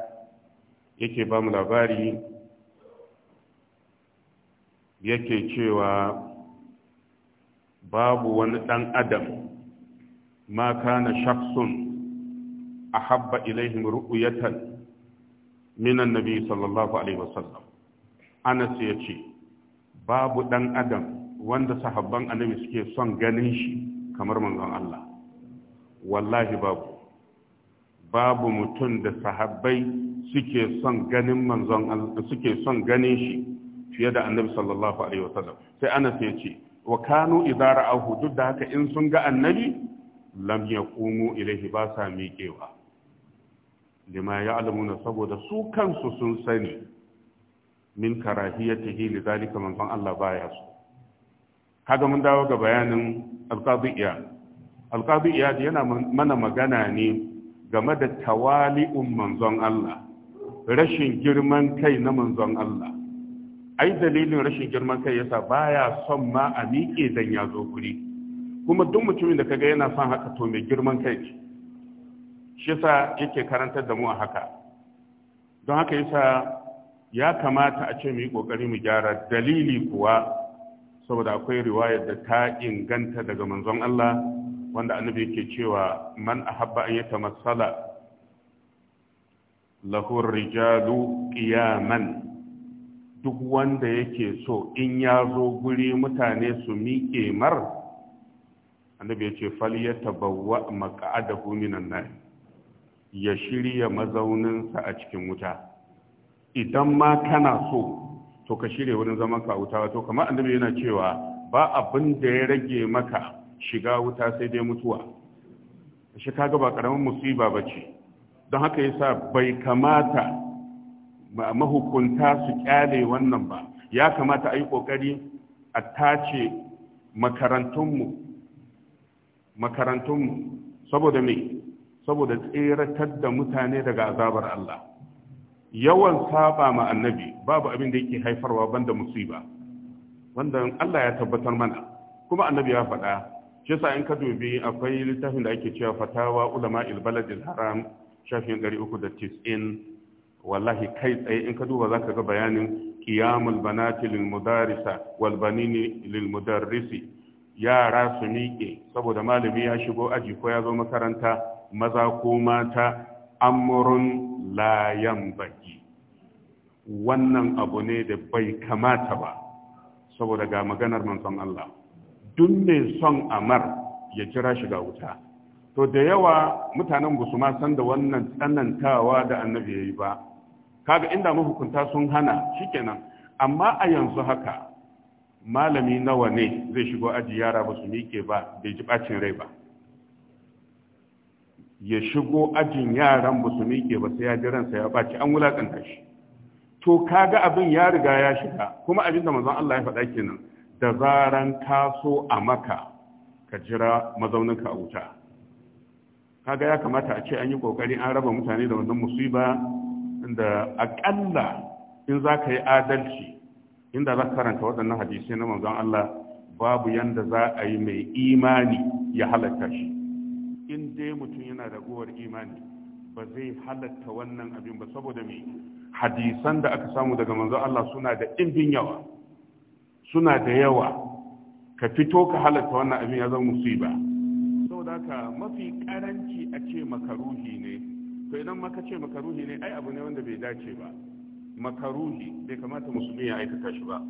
yake ba mu labari yake cewa babu wani ɗan adam ma kana shaksun a habba ilaihim ru'uyatan minan nabi sallallahu alaihi wasallam anas ya ce babu ɗan adam wanda sahabban annabi suke son ganin shi kamar manzon Allah wallahi babu babu mutum da sahabbai suke son ganin manzon Allah suke son ganin shi fiye da annabi sallallahu alaihi wasallam sai anas ya ce wa kanu idara a hudu da haka in sun ga annabi lam kumo ilaihi ba sa miƙewa lima alamuna saboda su kansu sun sani min karahiyatihi zalika manzon Allah baya su kaga mun dawo ga bayanin alqadi iyad alqadi yana mana magana ne game da tawali'un manzon Allah rashin girman kai na manzon Allah ai dalilin rashin girman kai yasa baya son ma a miƙe dan ya zo guri kuma duk mutumin da kaga yana son haka to mai girman kai shi yasa yake karantar da mu a haka don haka yasa ya kamata a ce mu yi ƙoƙari mu gyara dalili kuwa saboda akwai riwaya da ta inganta daga manzon Allah wanda annabi yake cewa man ahabba an masala lahu rijalu qiyaman duk wanda yake so in ya zo guri mutane su miƙe mar annabi ya ce faliyata bawa minan nar ya shirya mazauninsa a cikin wuta idan ma kana so to ka shirya wurin zaman ka wuta to kamar annabi yana cewa ba abin da ya rage maka shiga wuta sai dai mutuwa shi kaga ba karamin musiba bace don haka yasa bai kamata mahukunta su kyale wannan ba ya kamata a yi ƙoƙari a tace makarantunmu makarantunmu saboda me saboda tseratar da mutane daga azabar Allah yawan saba ma annabi babu abin da yake haifarwa banda musiba wanda Allah ya tabbatar mana kuma annabi ya faɗa shi sa in ka dubi akwai littafin da ake cewa fatawa ulama il baladil haram shafin 390 wallahi kai tsaye in ka duba zaka ga bayanin qiyamul banati lil mudarisa wal banini lil mudarrisi yara su miƙe saboda malami ya shigo aji ko ya zo makaranta maza ko mata amrun layan baki. wannan abu ne da bai kamata ba saboda ga maganar manzon Allah duk mai son amar ya jira shiga wuta to da yawa mutanen ba su san da wannan tsanantawa da annabi ya yi ba kaga inda mahukunta sun hana shikenan amma a yanzu haka malami nawa ne zai shigo aji yara ba su miƙe ba bai ji bacin rai ba ya shigo ajin yaran ba su miƙe ba sai ya ji ransa ya baci an wulakanta shi to kaga abin ya riga ya shiga kuma abin da manzon Allah ya faɗa kenan da zaran ka so a maka ka jira mazauninka a wuta kaga ya kamata a ce an yi kokari an raba mutane da wannan musiba da aƙalla in za ka yi adalci inda za ka karanta waɗannan hadisai na manzon Allah babu yanda za a yi mai imani ya halatta shi in dai mutum yana da guwar imani ba zai halatta wannan abin ba saboda mai hadisan da aka samu daga manzon Allah suna da ɗimbin yawa suna da yawa ka fito ka halatta wannan abin ya zama musiba saboda ka mafi karanci a ce makaruhi ne to idan maka ce makaruhi ne ai abu ne wanda bai dace ba makaruhi bai kamata musulmi ya aikata shi ba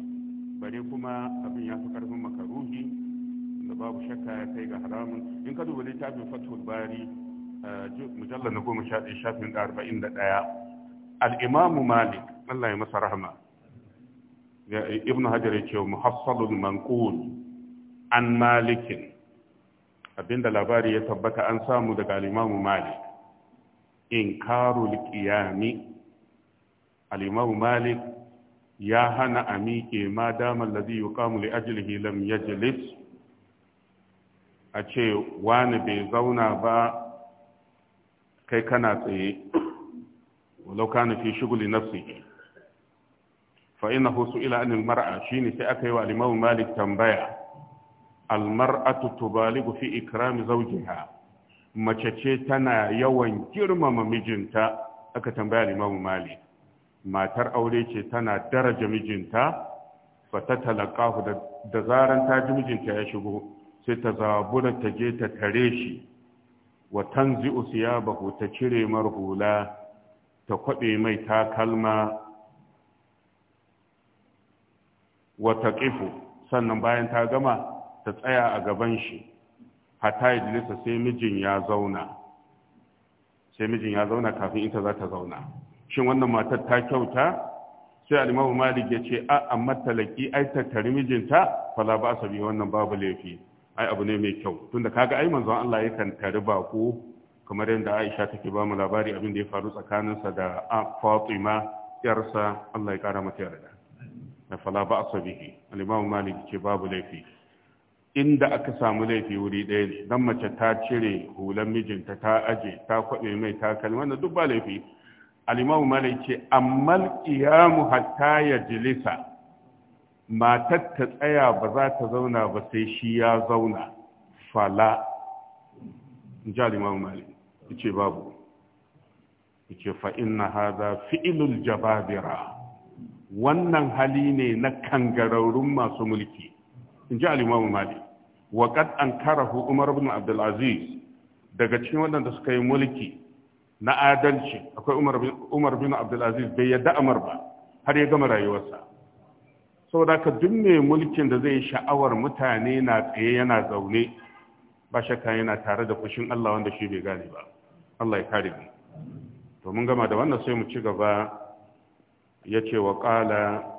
bare kuma abin ya fi karfin makaruhi da babu shakka ya kai ga haramun in ka duba littafin fatul bari eh, mujallar na goma sha ɗaya shafin da arba'in da ɗaya al'imamu malik allah ya masa rahama ibn hajar ya ce muhassalul manqul an malikin abinda labari ya tabbata an samu daga al'imamu malik inkarul qiyami al malik ya hana a miƙe ma damar lazi yi kamu li ajilihi lam ya a ce wani bai zauna ba kai kana tsaye walau kana fi shiguli nafsi fa ina husu ila mar'a shine sai aka yi wa limamu malik tambaya almar'atu tubaligu fi ikrami zawjiha mace ce tana yawan girmama mijinta aka tambaya limamu mali matar aure ce tana daraja mijinta fata talakahu da zaran ta ji mijinta ya shigo sai ta zabura ta je ta tare shi wa tanzi'u siyabahu ta cire mar hula ta kwabe mai takalma wa taqifu sannan bayan ta gama ta tsaya a gaban shi hatta yajlisa sai mijin ya zauna sai mijin ya zauna kafin ita za ta zauna shin wannan matar ta kyauta sai alimamu malik ya ce a an matalaki ai tattari mijinta fala ba biyu wannan babu laifi ai abu ne mai kyau tunda kaga ai manzon Allah yakan ba ku? kamar yadda Aisha take ba mu labari abin da ya faru tsakaninsa da Fatima yarsa Allah ya kara mata yarda fala ba biyu alimamu malik ce babu laifi inda aka samu laifi wuri ɗaya ne don mace ta cire hulan mijinta ta aje ta kwaɓe mai takalmi wannan duk ba laifi Alimawu malai ce amma qiyamu hatta ya jilisa matar ta tsaya ba za ta zauna ba sai shi ya zauna fala in ji alimawu malai ce babu ce fa’in na haza fi’ilul jababira wannan hali ne na kangararrun masu mulki in ji alimamu mali wakat kad an karahu umar ibn abdul aziz daga cikin waɗanda suka yi mulki na adalci akwai umar bin abdul aziz bai yadda amar ba har ya gama rayuwarsa saboda ka duk mai mulkin da zai sha'awar mutane na tsaye yana zaune ba shakka yana tare da kushin Allah wanda shi bai gane ba Allah ya kare mu to mun gama da wannan sai mu ci gaba yace wa qala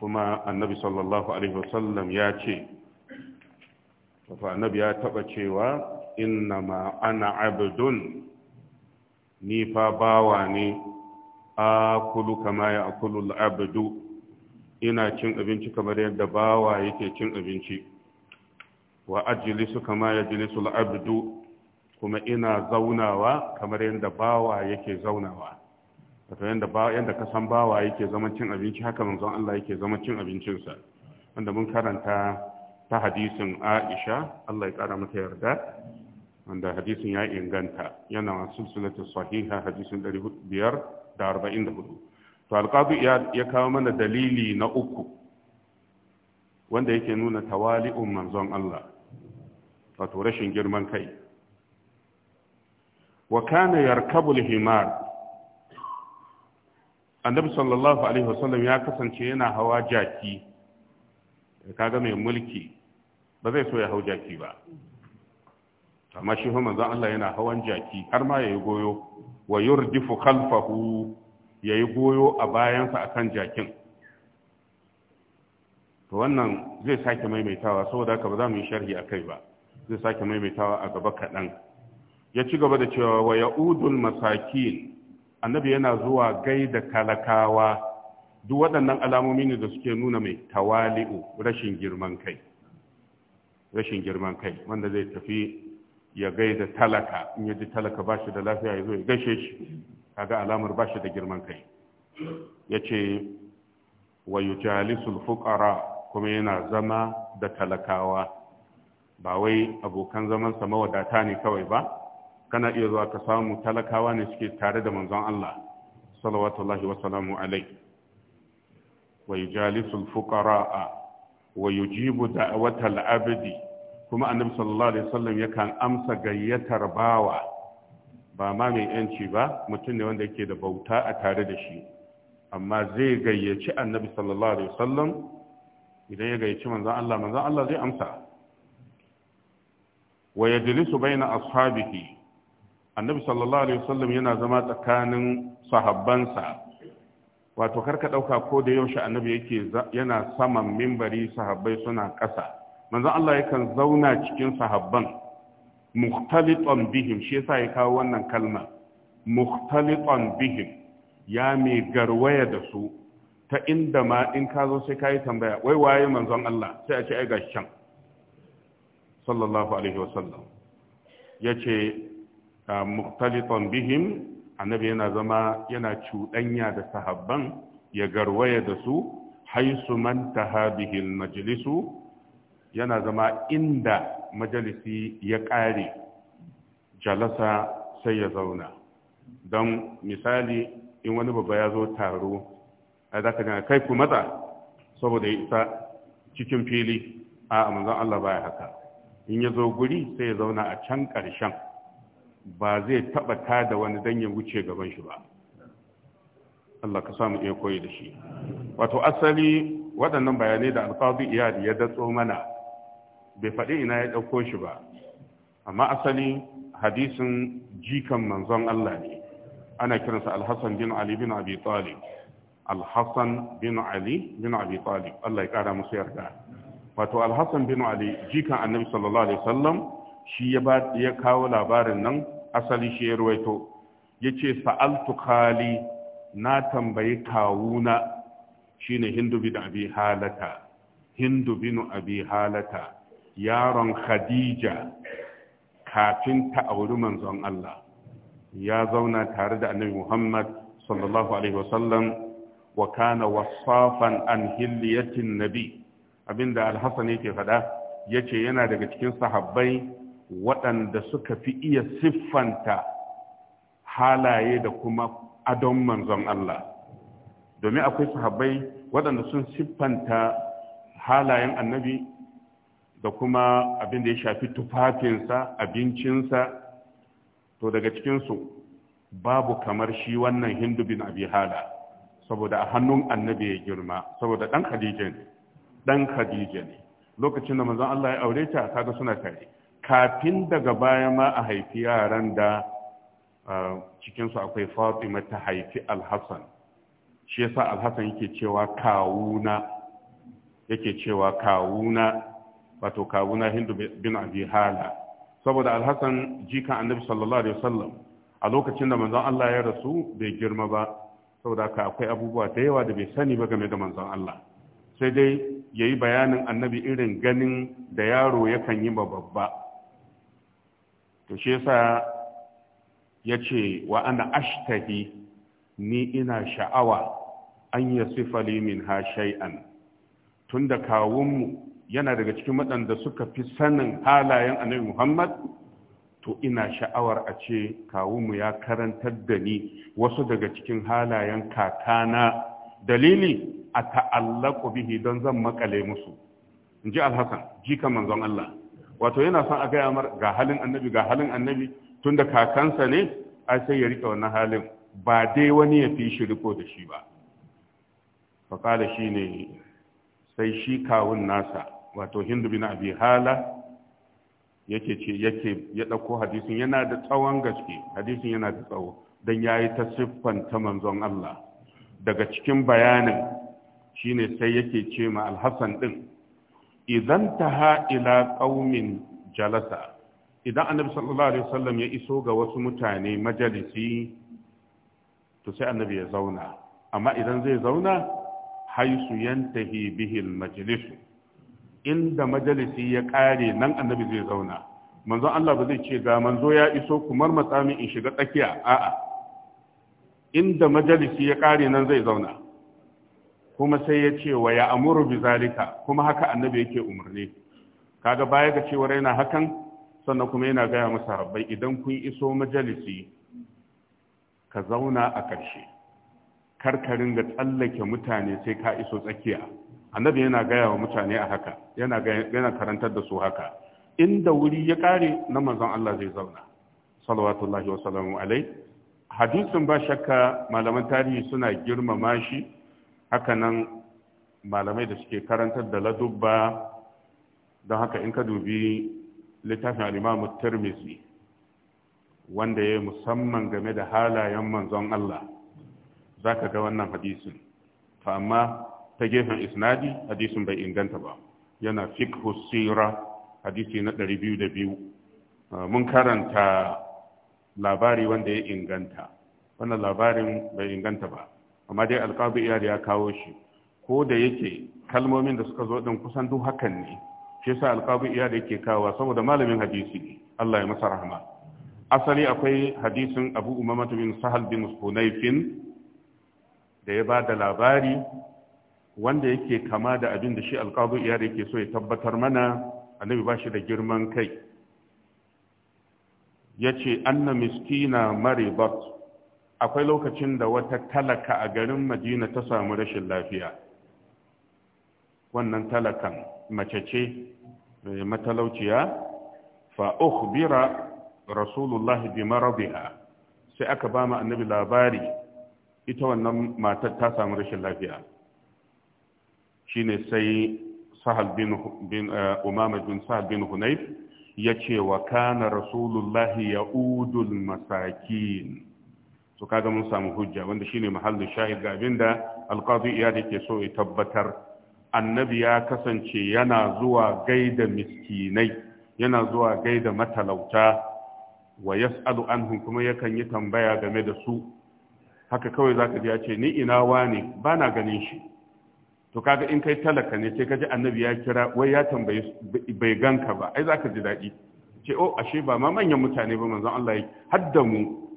kuma annabi sallallahu alaihi wasallam ya ce fa annabi ya taba cewa inna ma ana abdun ni fa bawa ne A Kulu kama ya akulu abdu ina cin abinci kamar yadda bawa yake cin abinci wa ajlisu kama ya jilisu abdu kuma ina zaunawa kamar yadda bawa yake zaunawa wato yanda ba yanda ka san bawa yake zaman cin abinci haka manzon Allah yake zaman cin abincinsa wanda mun karanta ta hadisin Aisha Allah ya kara mata yarda wanda hadisin ya inganta yana silsilatu sahiha hadisin 544 to alqadi ya kawo mana dalili na uku wanda yake nuna tawali'un manzon Allah wato rashin girman kai wa kana yarkabul himar annabi sallallahu alaihi wasallam ya kasance yana hawa jaki kaga mai mulki ba zai so ya hau jaki ba amma shi fa manzon Allah yana hawan jaki har ma yayi goyo wa yurdifu khalfahu yayi goyo a bayansa akan jakin to wannan zai sake maimaitawa saboda haka ba za mu yi sharhi akai ba zai sake maimaitawa a gaba kaɗan ya ci gaba da cewa wa ya'udul masakin annabi yana zuwa gai da talakawa duk waɗannan alamomi ne da suke nuna mai tawali'u rashin girman kai rashin girman kai wanda zai tafi ya gai da talaka in yaji talaka ba shi da lafiya ya zo ya gaishe shi kaga alamar ba shi da girman kai ya ce wa yujalisul fuqara kuma yana zama da talakawa ba wai abokan zamansa mawadata ne kawai ba kana iya zuwa ka samu talakawa ne suke tare da manzon Allah salawatullahi wa salamu alai wa yujalisu al-fuqara wa yujibu da'wata al-abdi kuma annabi sallallahu alaihi wasallam yakan amsa gayyatar bawa ba ma mai yanci ba mutum ne wanda yake da bauta a tare da shi amma zai gayyaci annabi sallallahu alaihi wasallam idan ya gayyaci manzon Allah manzon Allah zai amsa wa yajlisu baina ashabihi annabi sallallahu alaihi wasallam yana zama tsakanin sahabbansa wato karka ɗauka ko da yaushe annabi yake yana saman mimbari sahabbai suna ƙasa manzon Allah yakan zauna cikin sahabban mukhtalitan bihim shi yasa ya kawo wannan kalma mukhtalitan bihim ya mai garwaya da su ta inda ma in ka zo sai ka yi tambaya wai waye manzon Allah sai a ce ai gashi can sallallahu alaihi wasallam ya ce muktalitan bihim annabi yana zama yana cuɗanya da sahabban ya garwaya da su haisu man tahabihil majlisu yana zama inda majalisi ya ƙare jalasa sai ya zauna don misali in wani babba ya zo taro a za ka kai ku matsa saboda ya isa cikin fili a manzon Allah baya haka in ya zo guri sai ya zauna a can ƙarshen ba zai taɓa ta da wani dan ya wuce gaban shi ba Allah ka samu iya koyi da shi wato asali waɗannan bayanai da alfazu iyali ya datso mana bai faɗi ina ya ɗauko shi ba amma asali hadisin jikan manzon Allah ne ana kiransa alhassan bin ali bin abi talib alhassan bin ali bin abi talib Allah ya ƙara musu yarda wato alhassan bin ali jikan annabi sallallahu alaihi wasallam shi ya kawo labarin nan asali shi ya ruwaito ya ce sa'altu khali na tambayi kawuna shi ne hindu bin abi halata hindu bin abi halata yaron khadija kafin ta auri manzon Allah ya zauna tare da annabi Muhammad sallallahu alaihi wasallam wa kana wasafan an hilliyatin nabi abinda al-hasan yake fada yace yana daga cikin sahabbai waɗanda suka fi iya siffanta halaye da kuma adon manzon Allah domin akwai sahabbai waɗanda sun siffanta halayen annabi da kuma abin da ya shafi tufafinsa abincinsa to daga cikinsu babu kamar shi wannan hindu bin abi hala saboda a hannun annabi ya girma saboda ɗan khadija ne ɗan khadija ne lokacin da manzon Allah ya aure ta kaga suna tare kafin daga baya ma a haifi yaran da cikinsu akwai fatima ta haifi alhassan shi yasa alhassan yake cewa kawuna yake cewa kawuna wato kawuna hindu bin abi hala saboda alhassan jikan annabi sallallahu alaihi wasallam a lokacin da manzon Allah ya rasu bai girma ba saboda ka akwai abubuwa da yawa da bai sani ba game da manzon Allah sai dai yayi bayanin annabi irin ganin da yaro yakan yi ma babba to shi yasa ya ce wa ana ashtahi ni ina sha'awa an yi sifali min ha shay'an tun da kawunmu yana daga cikin waɗanda suka fi sanin halayen annabi muhammad to ina sha'awar a ce kawunmu ya karantar da ni wasu daga cikin halayen kakana dalili a ta'allaku bihi don zan makale musu in ji alhassan jika manzon allah wato yana son a gaya mar ga halin annabi ga halin annabi tun da kakansa ne a sai ya rike wannan halin ba dai wani ya fi shi riko da shi ba faƙala shi ne sai shi kawun nasa wato hindu bin abi hala yake ce yake ya ɗauko hadisin yana da tsawon gaske hadisin yana da tsawo don ya yi ta siffanta manzon Allah daga cikin bayanin shine sai yake ce ma alhassan ɗin idan taha ila ƙaumin jalasa idan annabi sallallahu alaihi wasallam ya iso ga wasu mutane majalisi to sai annabi ya zauna amma idan zai zauna haisu yantahi bihi almajlis inda majalisi ya ƙare nan annabi zai zauna manzo Allah ba zai ce ga manzo ya iso kumar matsami in shiga tsakiya a'a inda majalisi ya kare nan zai zauna kuma sai ya ce wa ya amuru bi zalika kuma haka annabi yake umarni kaga baya ga cewa yana hakan sannan kuma yana gaya masa rabbai idan kun iso majalisi ka zauna a ƙarshe karkarin ga tsallake mutane sai ka iso tsakiya annabi yana gaya wa mutane a haka yana karantar da su haka inda wuri ya kare na manzon Allah zai zauna salawatullahi wa salamu alai hadisin ba shakka malaman tarihi suna girmama shi Haka nan malamai da suke karantar da ladubba don haka in ka dubi littafin al'imamu tirmidhi wanda ya yi musamman game da halayen manzon Allah za ka ga wannan hadisin fa amma ta gefen isnadi hadisin bai inganta ba yana fiqhu sira hadisi na 202 uh, mun karanta labari wanda ya inganta wannan labarin bai inganta ba amma dai alqadi iyali ya kawo shi ko da yake kalmomin da suka zo din kusan duk hakan ne shi yasa alqadi iyali yake kawo saboda malamin hadisi ne Allah ya masa rahama asali akwai hadisin Abu Umama bin Sahal bin Hunayfin da ya ba da labari wanda yake kama da abin da shi alƙadu iyar yake so ya tabbatar mana annabi ba shi da girman kai yace ce anna miskina maribat akwai lokacin da wata talaka a garin madina ta samu rashin lafiya wannan talakan mace ce eh, matalauciya fa ukhbira rasulullahi bi maradiha sai aka ba mu annabi labari ita wannan matar ta samu rashin lafiya shine sai sahal bin eh, umama bin sahal bin hunayf ya ce wa kana rasulullahi ya'udul masakin to kaga mun samu hujja wanda shine mahallin shahid ga abinda alqadi iyad yake so ya tabbatar annabi ya kasance yana zuwa gaida miskinai yana zuwa gaida matalauta wa yas'alu anhum kuma yakan yi tambaya game da su haka kawai zaka ji ya ce ni ina wani bana ganin shi to kaga in kai talaka ne sai kaji annabi ya kira wai ya tambayi bai ganka ba ai zaka ji daɗi ce o oh, ashe ba ma manyan mutane ba manzon Allah ya hadda mu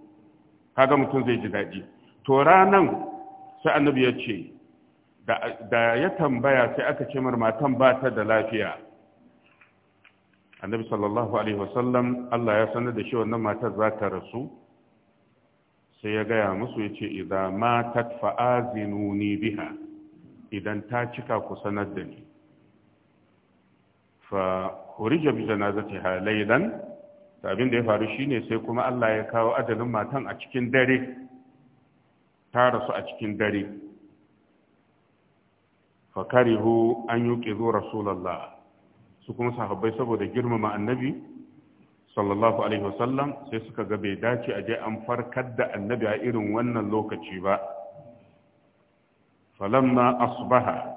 kaga mutum zai ji daɗi to ranan sai annabi ya ce da ya tambaya sai aka ce mar matan ba ta da lafiya annabi sallallahu alaihi wasallam Allah ya sanar da shi wannan matar za ta rasu sai ya gaya musu ya ce idan matat fa'azinuni biha idan ta cika ku sanar da ni fa khurija bi janazatiha laylan abin da ya faru shine sai kuma Allah ya kawo ajalin matan a cikin dare ta rasu a cikin dare fakarihu an yuqizu rasulullah su kuma sahabbai saboda girmama annabi sallallahu alaihi wasallam sai suka ga bai dace a je an farkar da annabi a irin wannan lokaci ba falamma asbaha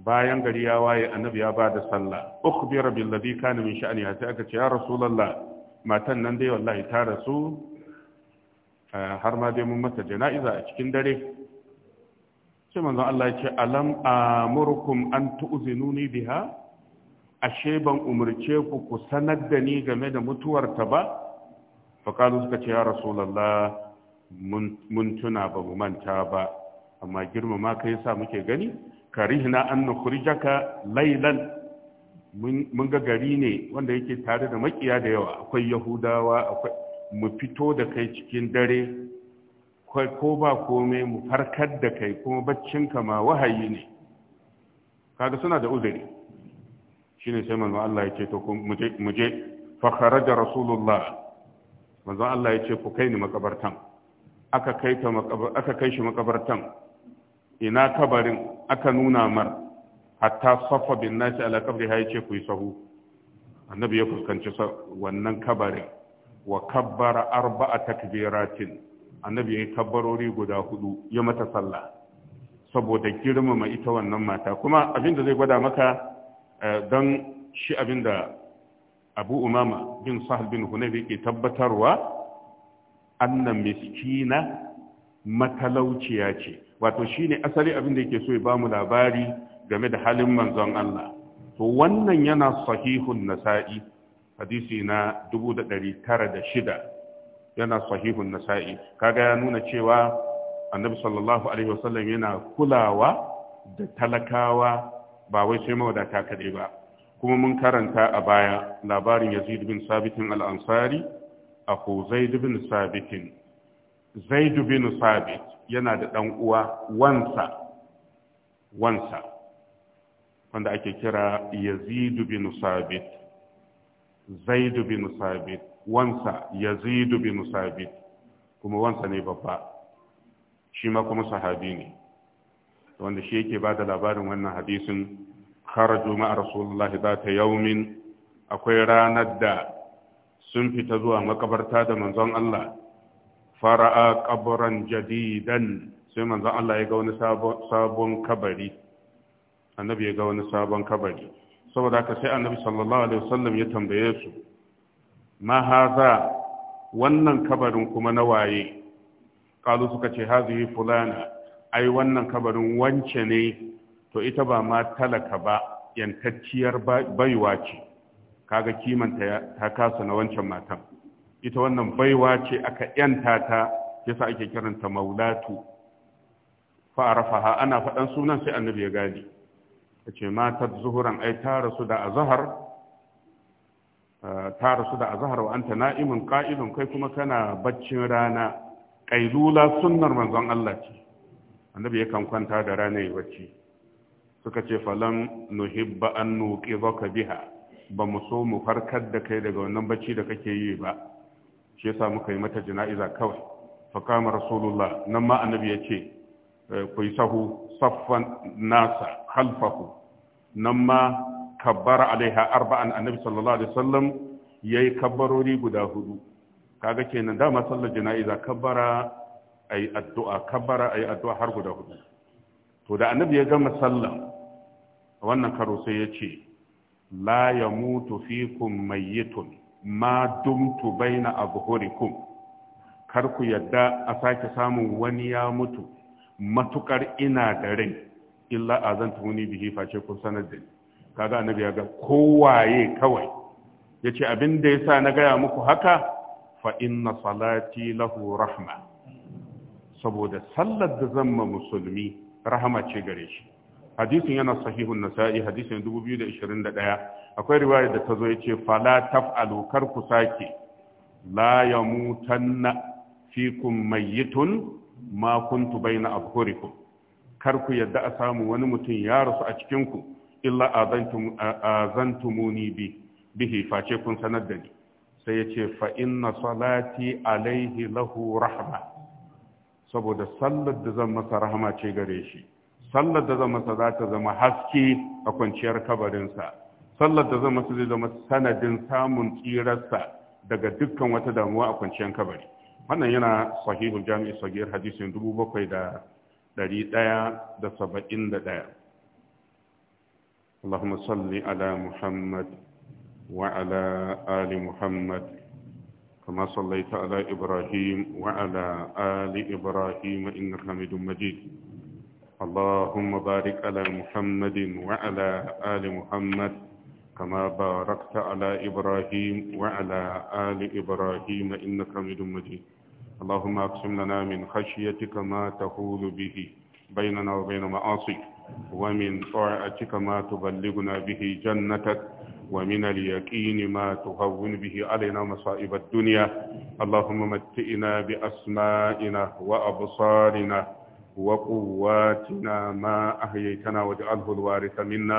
bayan gari ya waye annabi ya bada da sallah ukhbir bil ladhi kana min sha'ni hatta aka ce ya rasulullah matan nan dai wallahi ta rasu har ma dai mun mata jana'iza a cikin dare ce manzon Allah ya ce alam amurukum an tu'zinuni biha ashe ban umurce ku ku sanar da ni game da mutuwar ta ba fa kalu suka ce ya rasulullah mun tuna ba mu manta ba amma girmama kai sa muke gani karihna an jaka lailan mun ga gari ne wanda yake tare da makiya da yawa akwai yahudawa akwai mu fito da kai cikin dare ko ba kome mu farkar da kai kuma baccinka ma wahayi ne kaga suna da uzuri ne sai manzo Allah yake to mu je fa kharaja rasulullah manzo Allah yake ku kai ni makabartan aka kai ta aka kai shi makabartan ina kabarin aka nuna mar hatta safa bin nasi ala kabri ha yace ku yi sahu annabi ya fuskanci wannan kabarin wa kabbara arba'a takbiratin annabi ya kabbarori guda hudu ya mata sallah saboda girmama ita wannan mata kuma abin da zai gwada maka eh, don shi abin da abu umama bin sahal bin hunayf ke tabbatarwa annan miskina matalauciya ce wato shine asali abin da yake so ya bamu labari game da halin manzon Allah to wannan yana sahihun nasa'i hadisi na 1906 yana sahihun nasa'i kaga ya nuna cewa annabi sallallahu alaihi wasallam yana kulawa da talakawa ba wai sai mawadata kaɗai ba kuma mun karanta a baya labarin yazid bin sabitin al-ansari a ko zaid bin sabitin zaid bin sabit yana da ɗan uwa wansa wansa wanda ake kira yazidu bin sabit zaidu bin sabit wansa yazidu bin sabit kuma wansa ne babba shi ma kuma sahabi ne wanda shi yake ba da labarin wannan hadisin kharaju ma'a rasulullahi za ta yaumin akwai ranar da sun fita zuwa makabarta da manzon Allah fara'a kabaran jadidan sai manzon Allah ya ga wani sabon kabari annabi ya ga wani sabon kabari saboda haka sai annabi sallallahu alaihi wasallam ya tambaye su ma haza wannan kabarin kuma na waye kalu suka ce hazihi fulana ai wannan kabarin wance ne to ita ba ma talaka ba yantacciyar baiwa ce kaga kimanta ta kasa na wancan matan ita wannan baiwa ce aka yanta ta yasa ake kiranta maulatu fa'arafaha ana faɗan sunan sai annabi ya gadi ta ce ta zuhuran ai ta rasu da azahar ta rasu da azahar wa anta na'imun qa'ilun kai kuma kana baccin rana qailula sunnar manzon Allah ce annabi ya kan kwanta da rana yi bacci suka ce falam nuhibba an nuqidaka biha ba mu so mu farkar da kai daga wannan bacci da kake yi ba shi yasa muka yi mata jana'iza kawai fa kama rasulullah nan ma annabi ya ce eh, ku yi sahu saffan nasa halfahu nan ma kabbara alaiha arba'an annabi sallallahu alaihi wasallam yayi kabbarori guda hudu kaga kenan dama sallar jana'iza kabbara ai addu'a kabbara ai addu'a har guda hudu to da annabi ya gama a wannan karo sai ya ce la yamutu fikum mayyitun ma dumtu baina abhurikum kar ku yadda a sake samun wani ya mutu matukar ina da rai illa ni bihi face kun sanar da ni kaga annabi ya ga kowaye kawai yace abin da yasa na gaya muku haka fa inna salati lahu rahma saboda sallar da zamma musulmi rahama ce gare shi hadisin yana sahihun nasa'i hadisin 2021 akwai riwaya da ta zo ya ce fala taf'alu kar ku sake la yamutanna fikum mayyitun ma kuntu na abhurikum kar ku yadda a samu wani mutum ya rasu a cikin ku illa azantumuni bi bihi face kun sanar da ni sai ya ce fa inna salati alaihi lahu rahma saboda sallar da zan masa rahama ce gare shi sallar da zan masa za ta zama haske a kwanciyar kabarinsa sallar da zan masa zama sanadin samun tsirarsa daga dukkan wata damuwa a kwanciyar kabari wannan yana sahihul jami'i sagir hadisin 7171 اللهم صل على محمد وعلى آل محمد كما صليت على إبراهيم وعلى آل إبراهيم إنك حميد Allahumma اللهم ala Muhammadin wa ala Ali Muhammad. كما باركت على إبراهيم وعلى آل إبراهيم إنك حميد مجيد اللهم أقسم لنا من خشيتك ما تحول به بيننا وبين معاصيك ومن طاعتك ما تبلغنا به جنتك ومن اليقين ما تهون به علينا مصائب الدنيا اللهم متئنا بأسمائنا وأبصارنا وقواتنا ما أحييتنا واجعله الوارث منا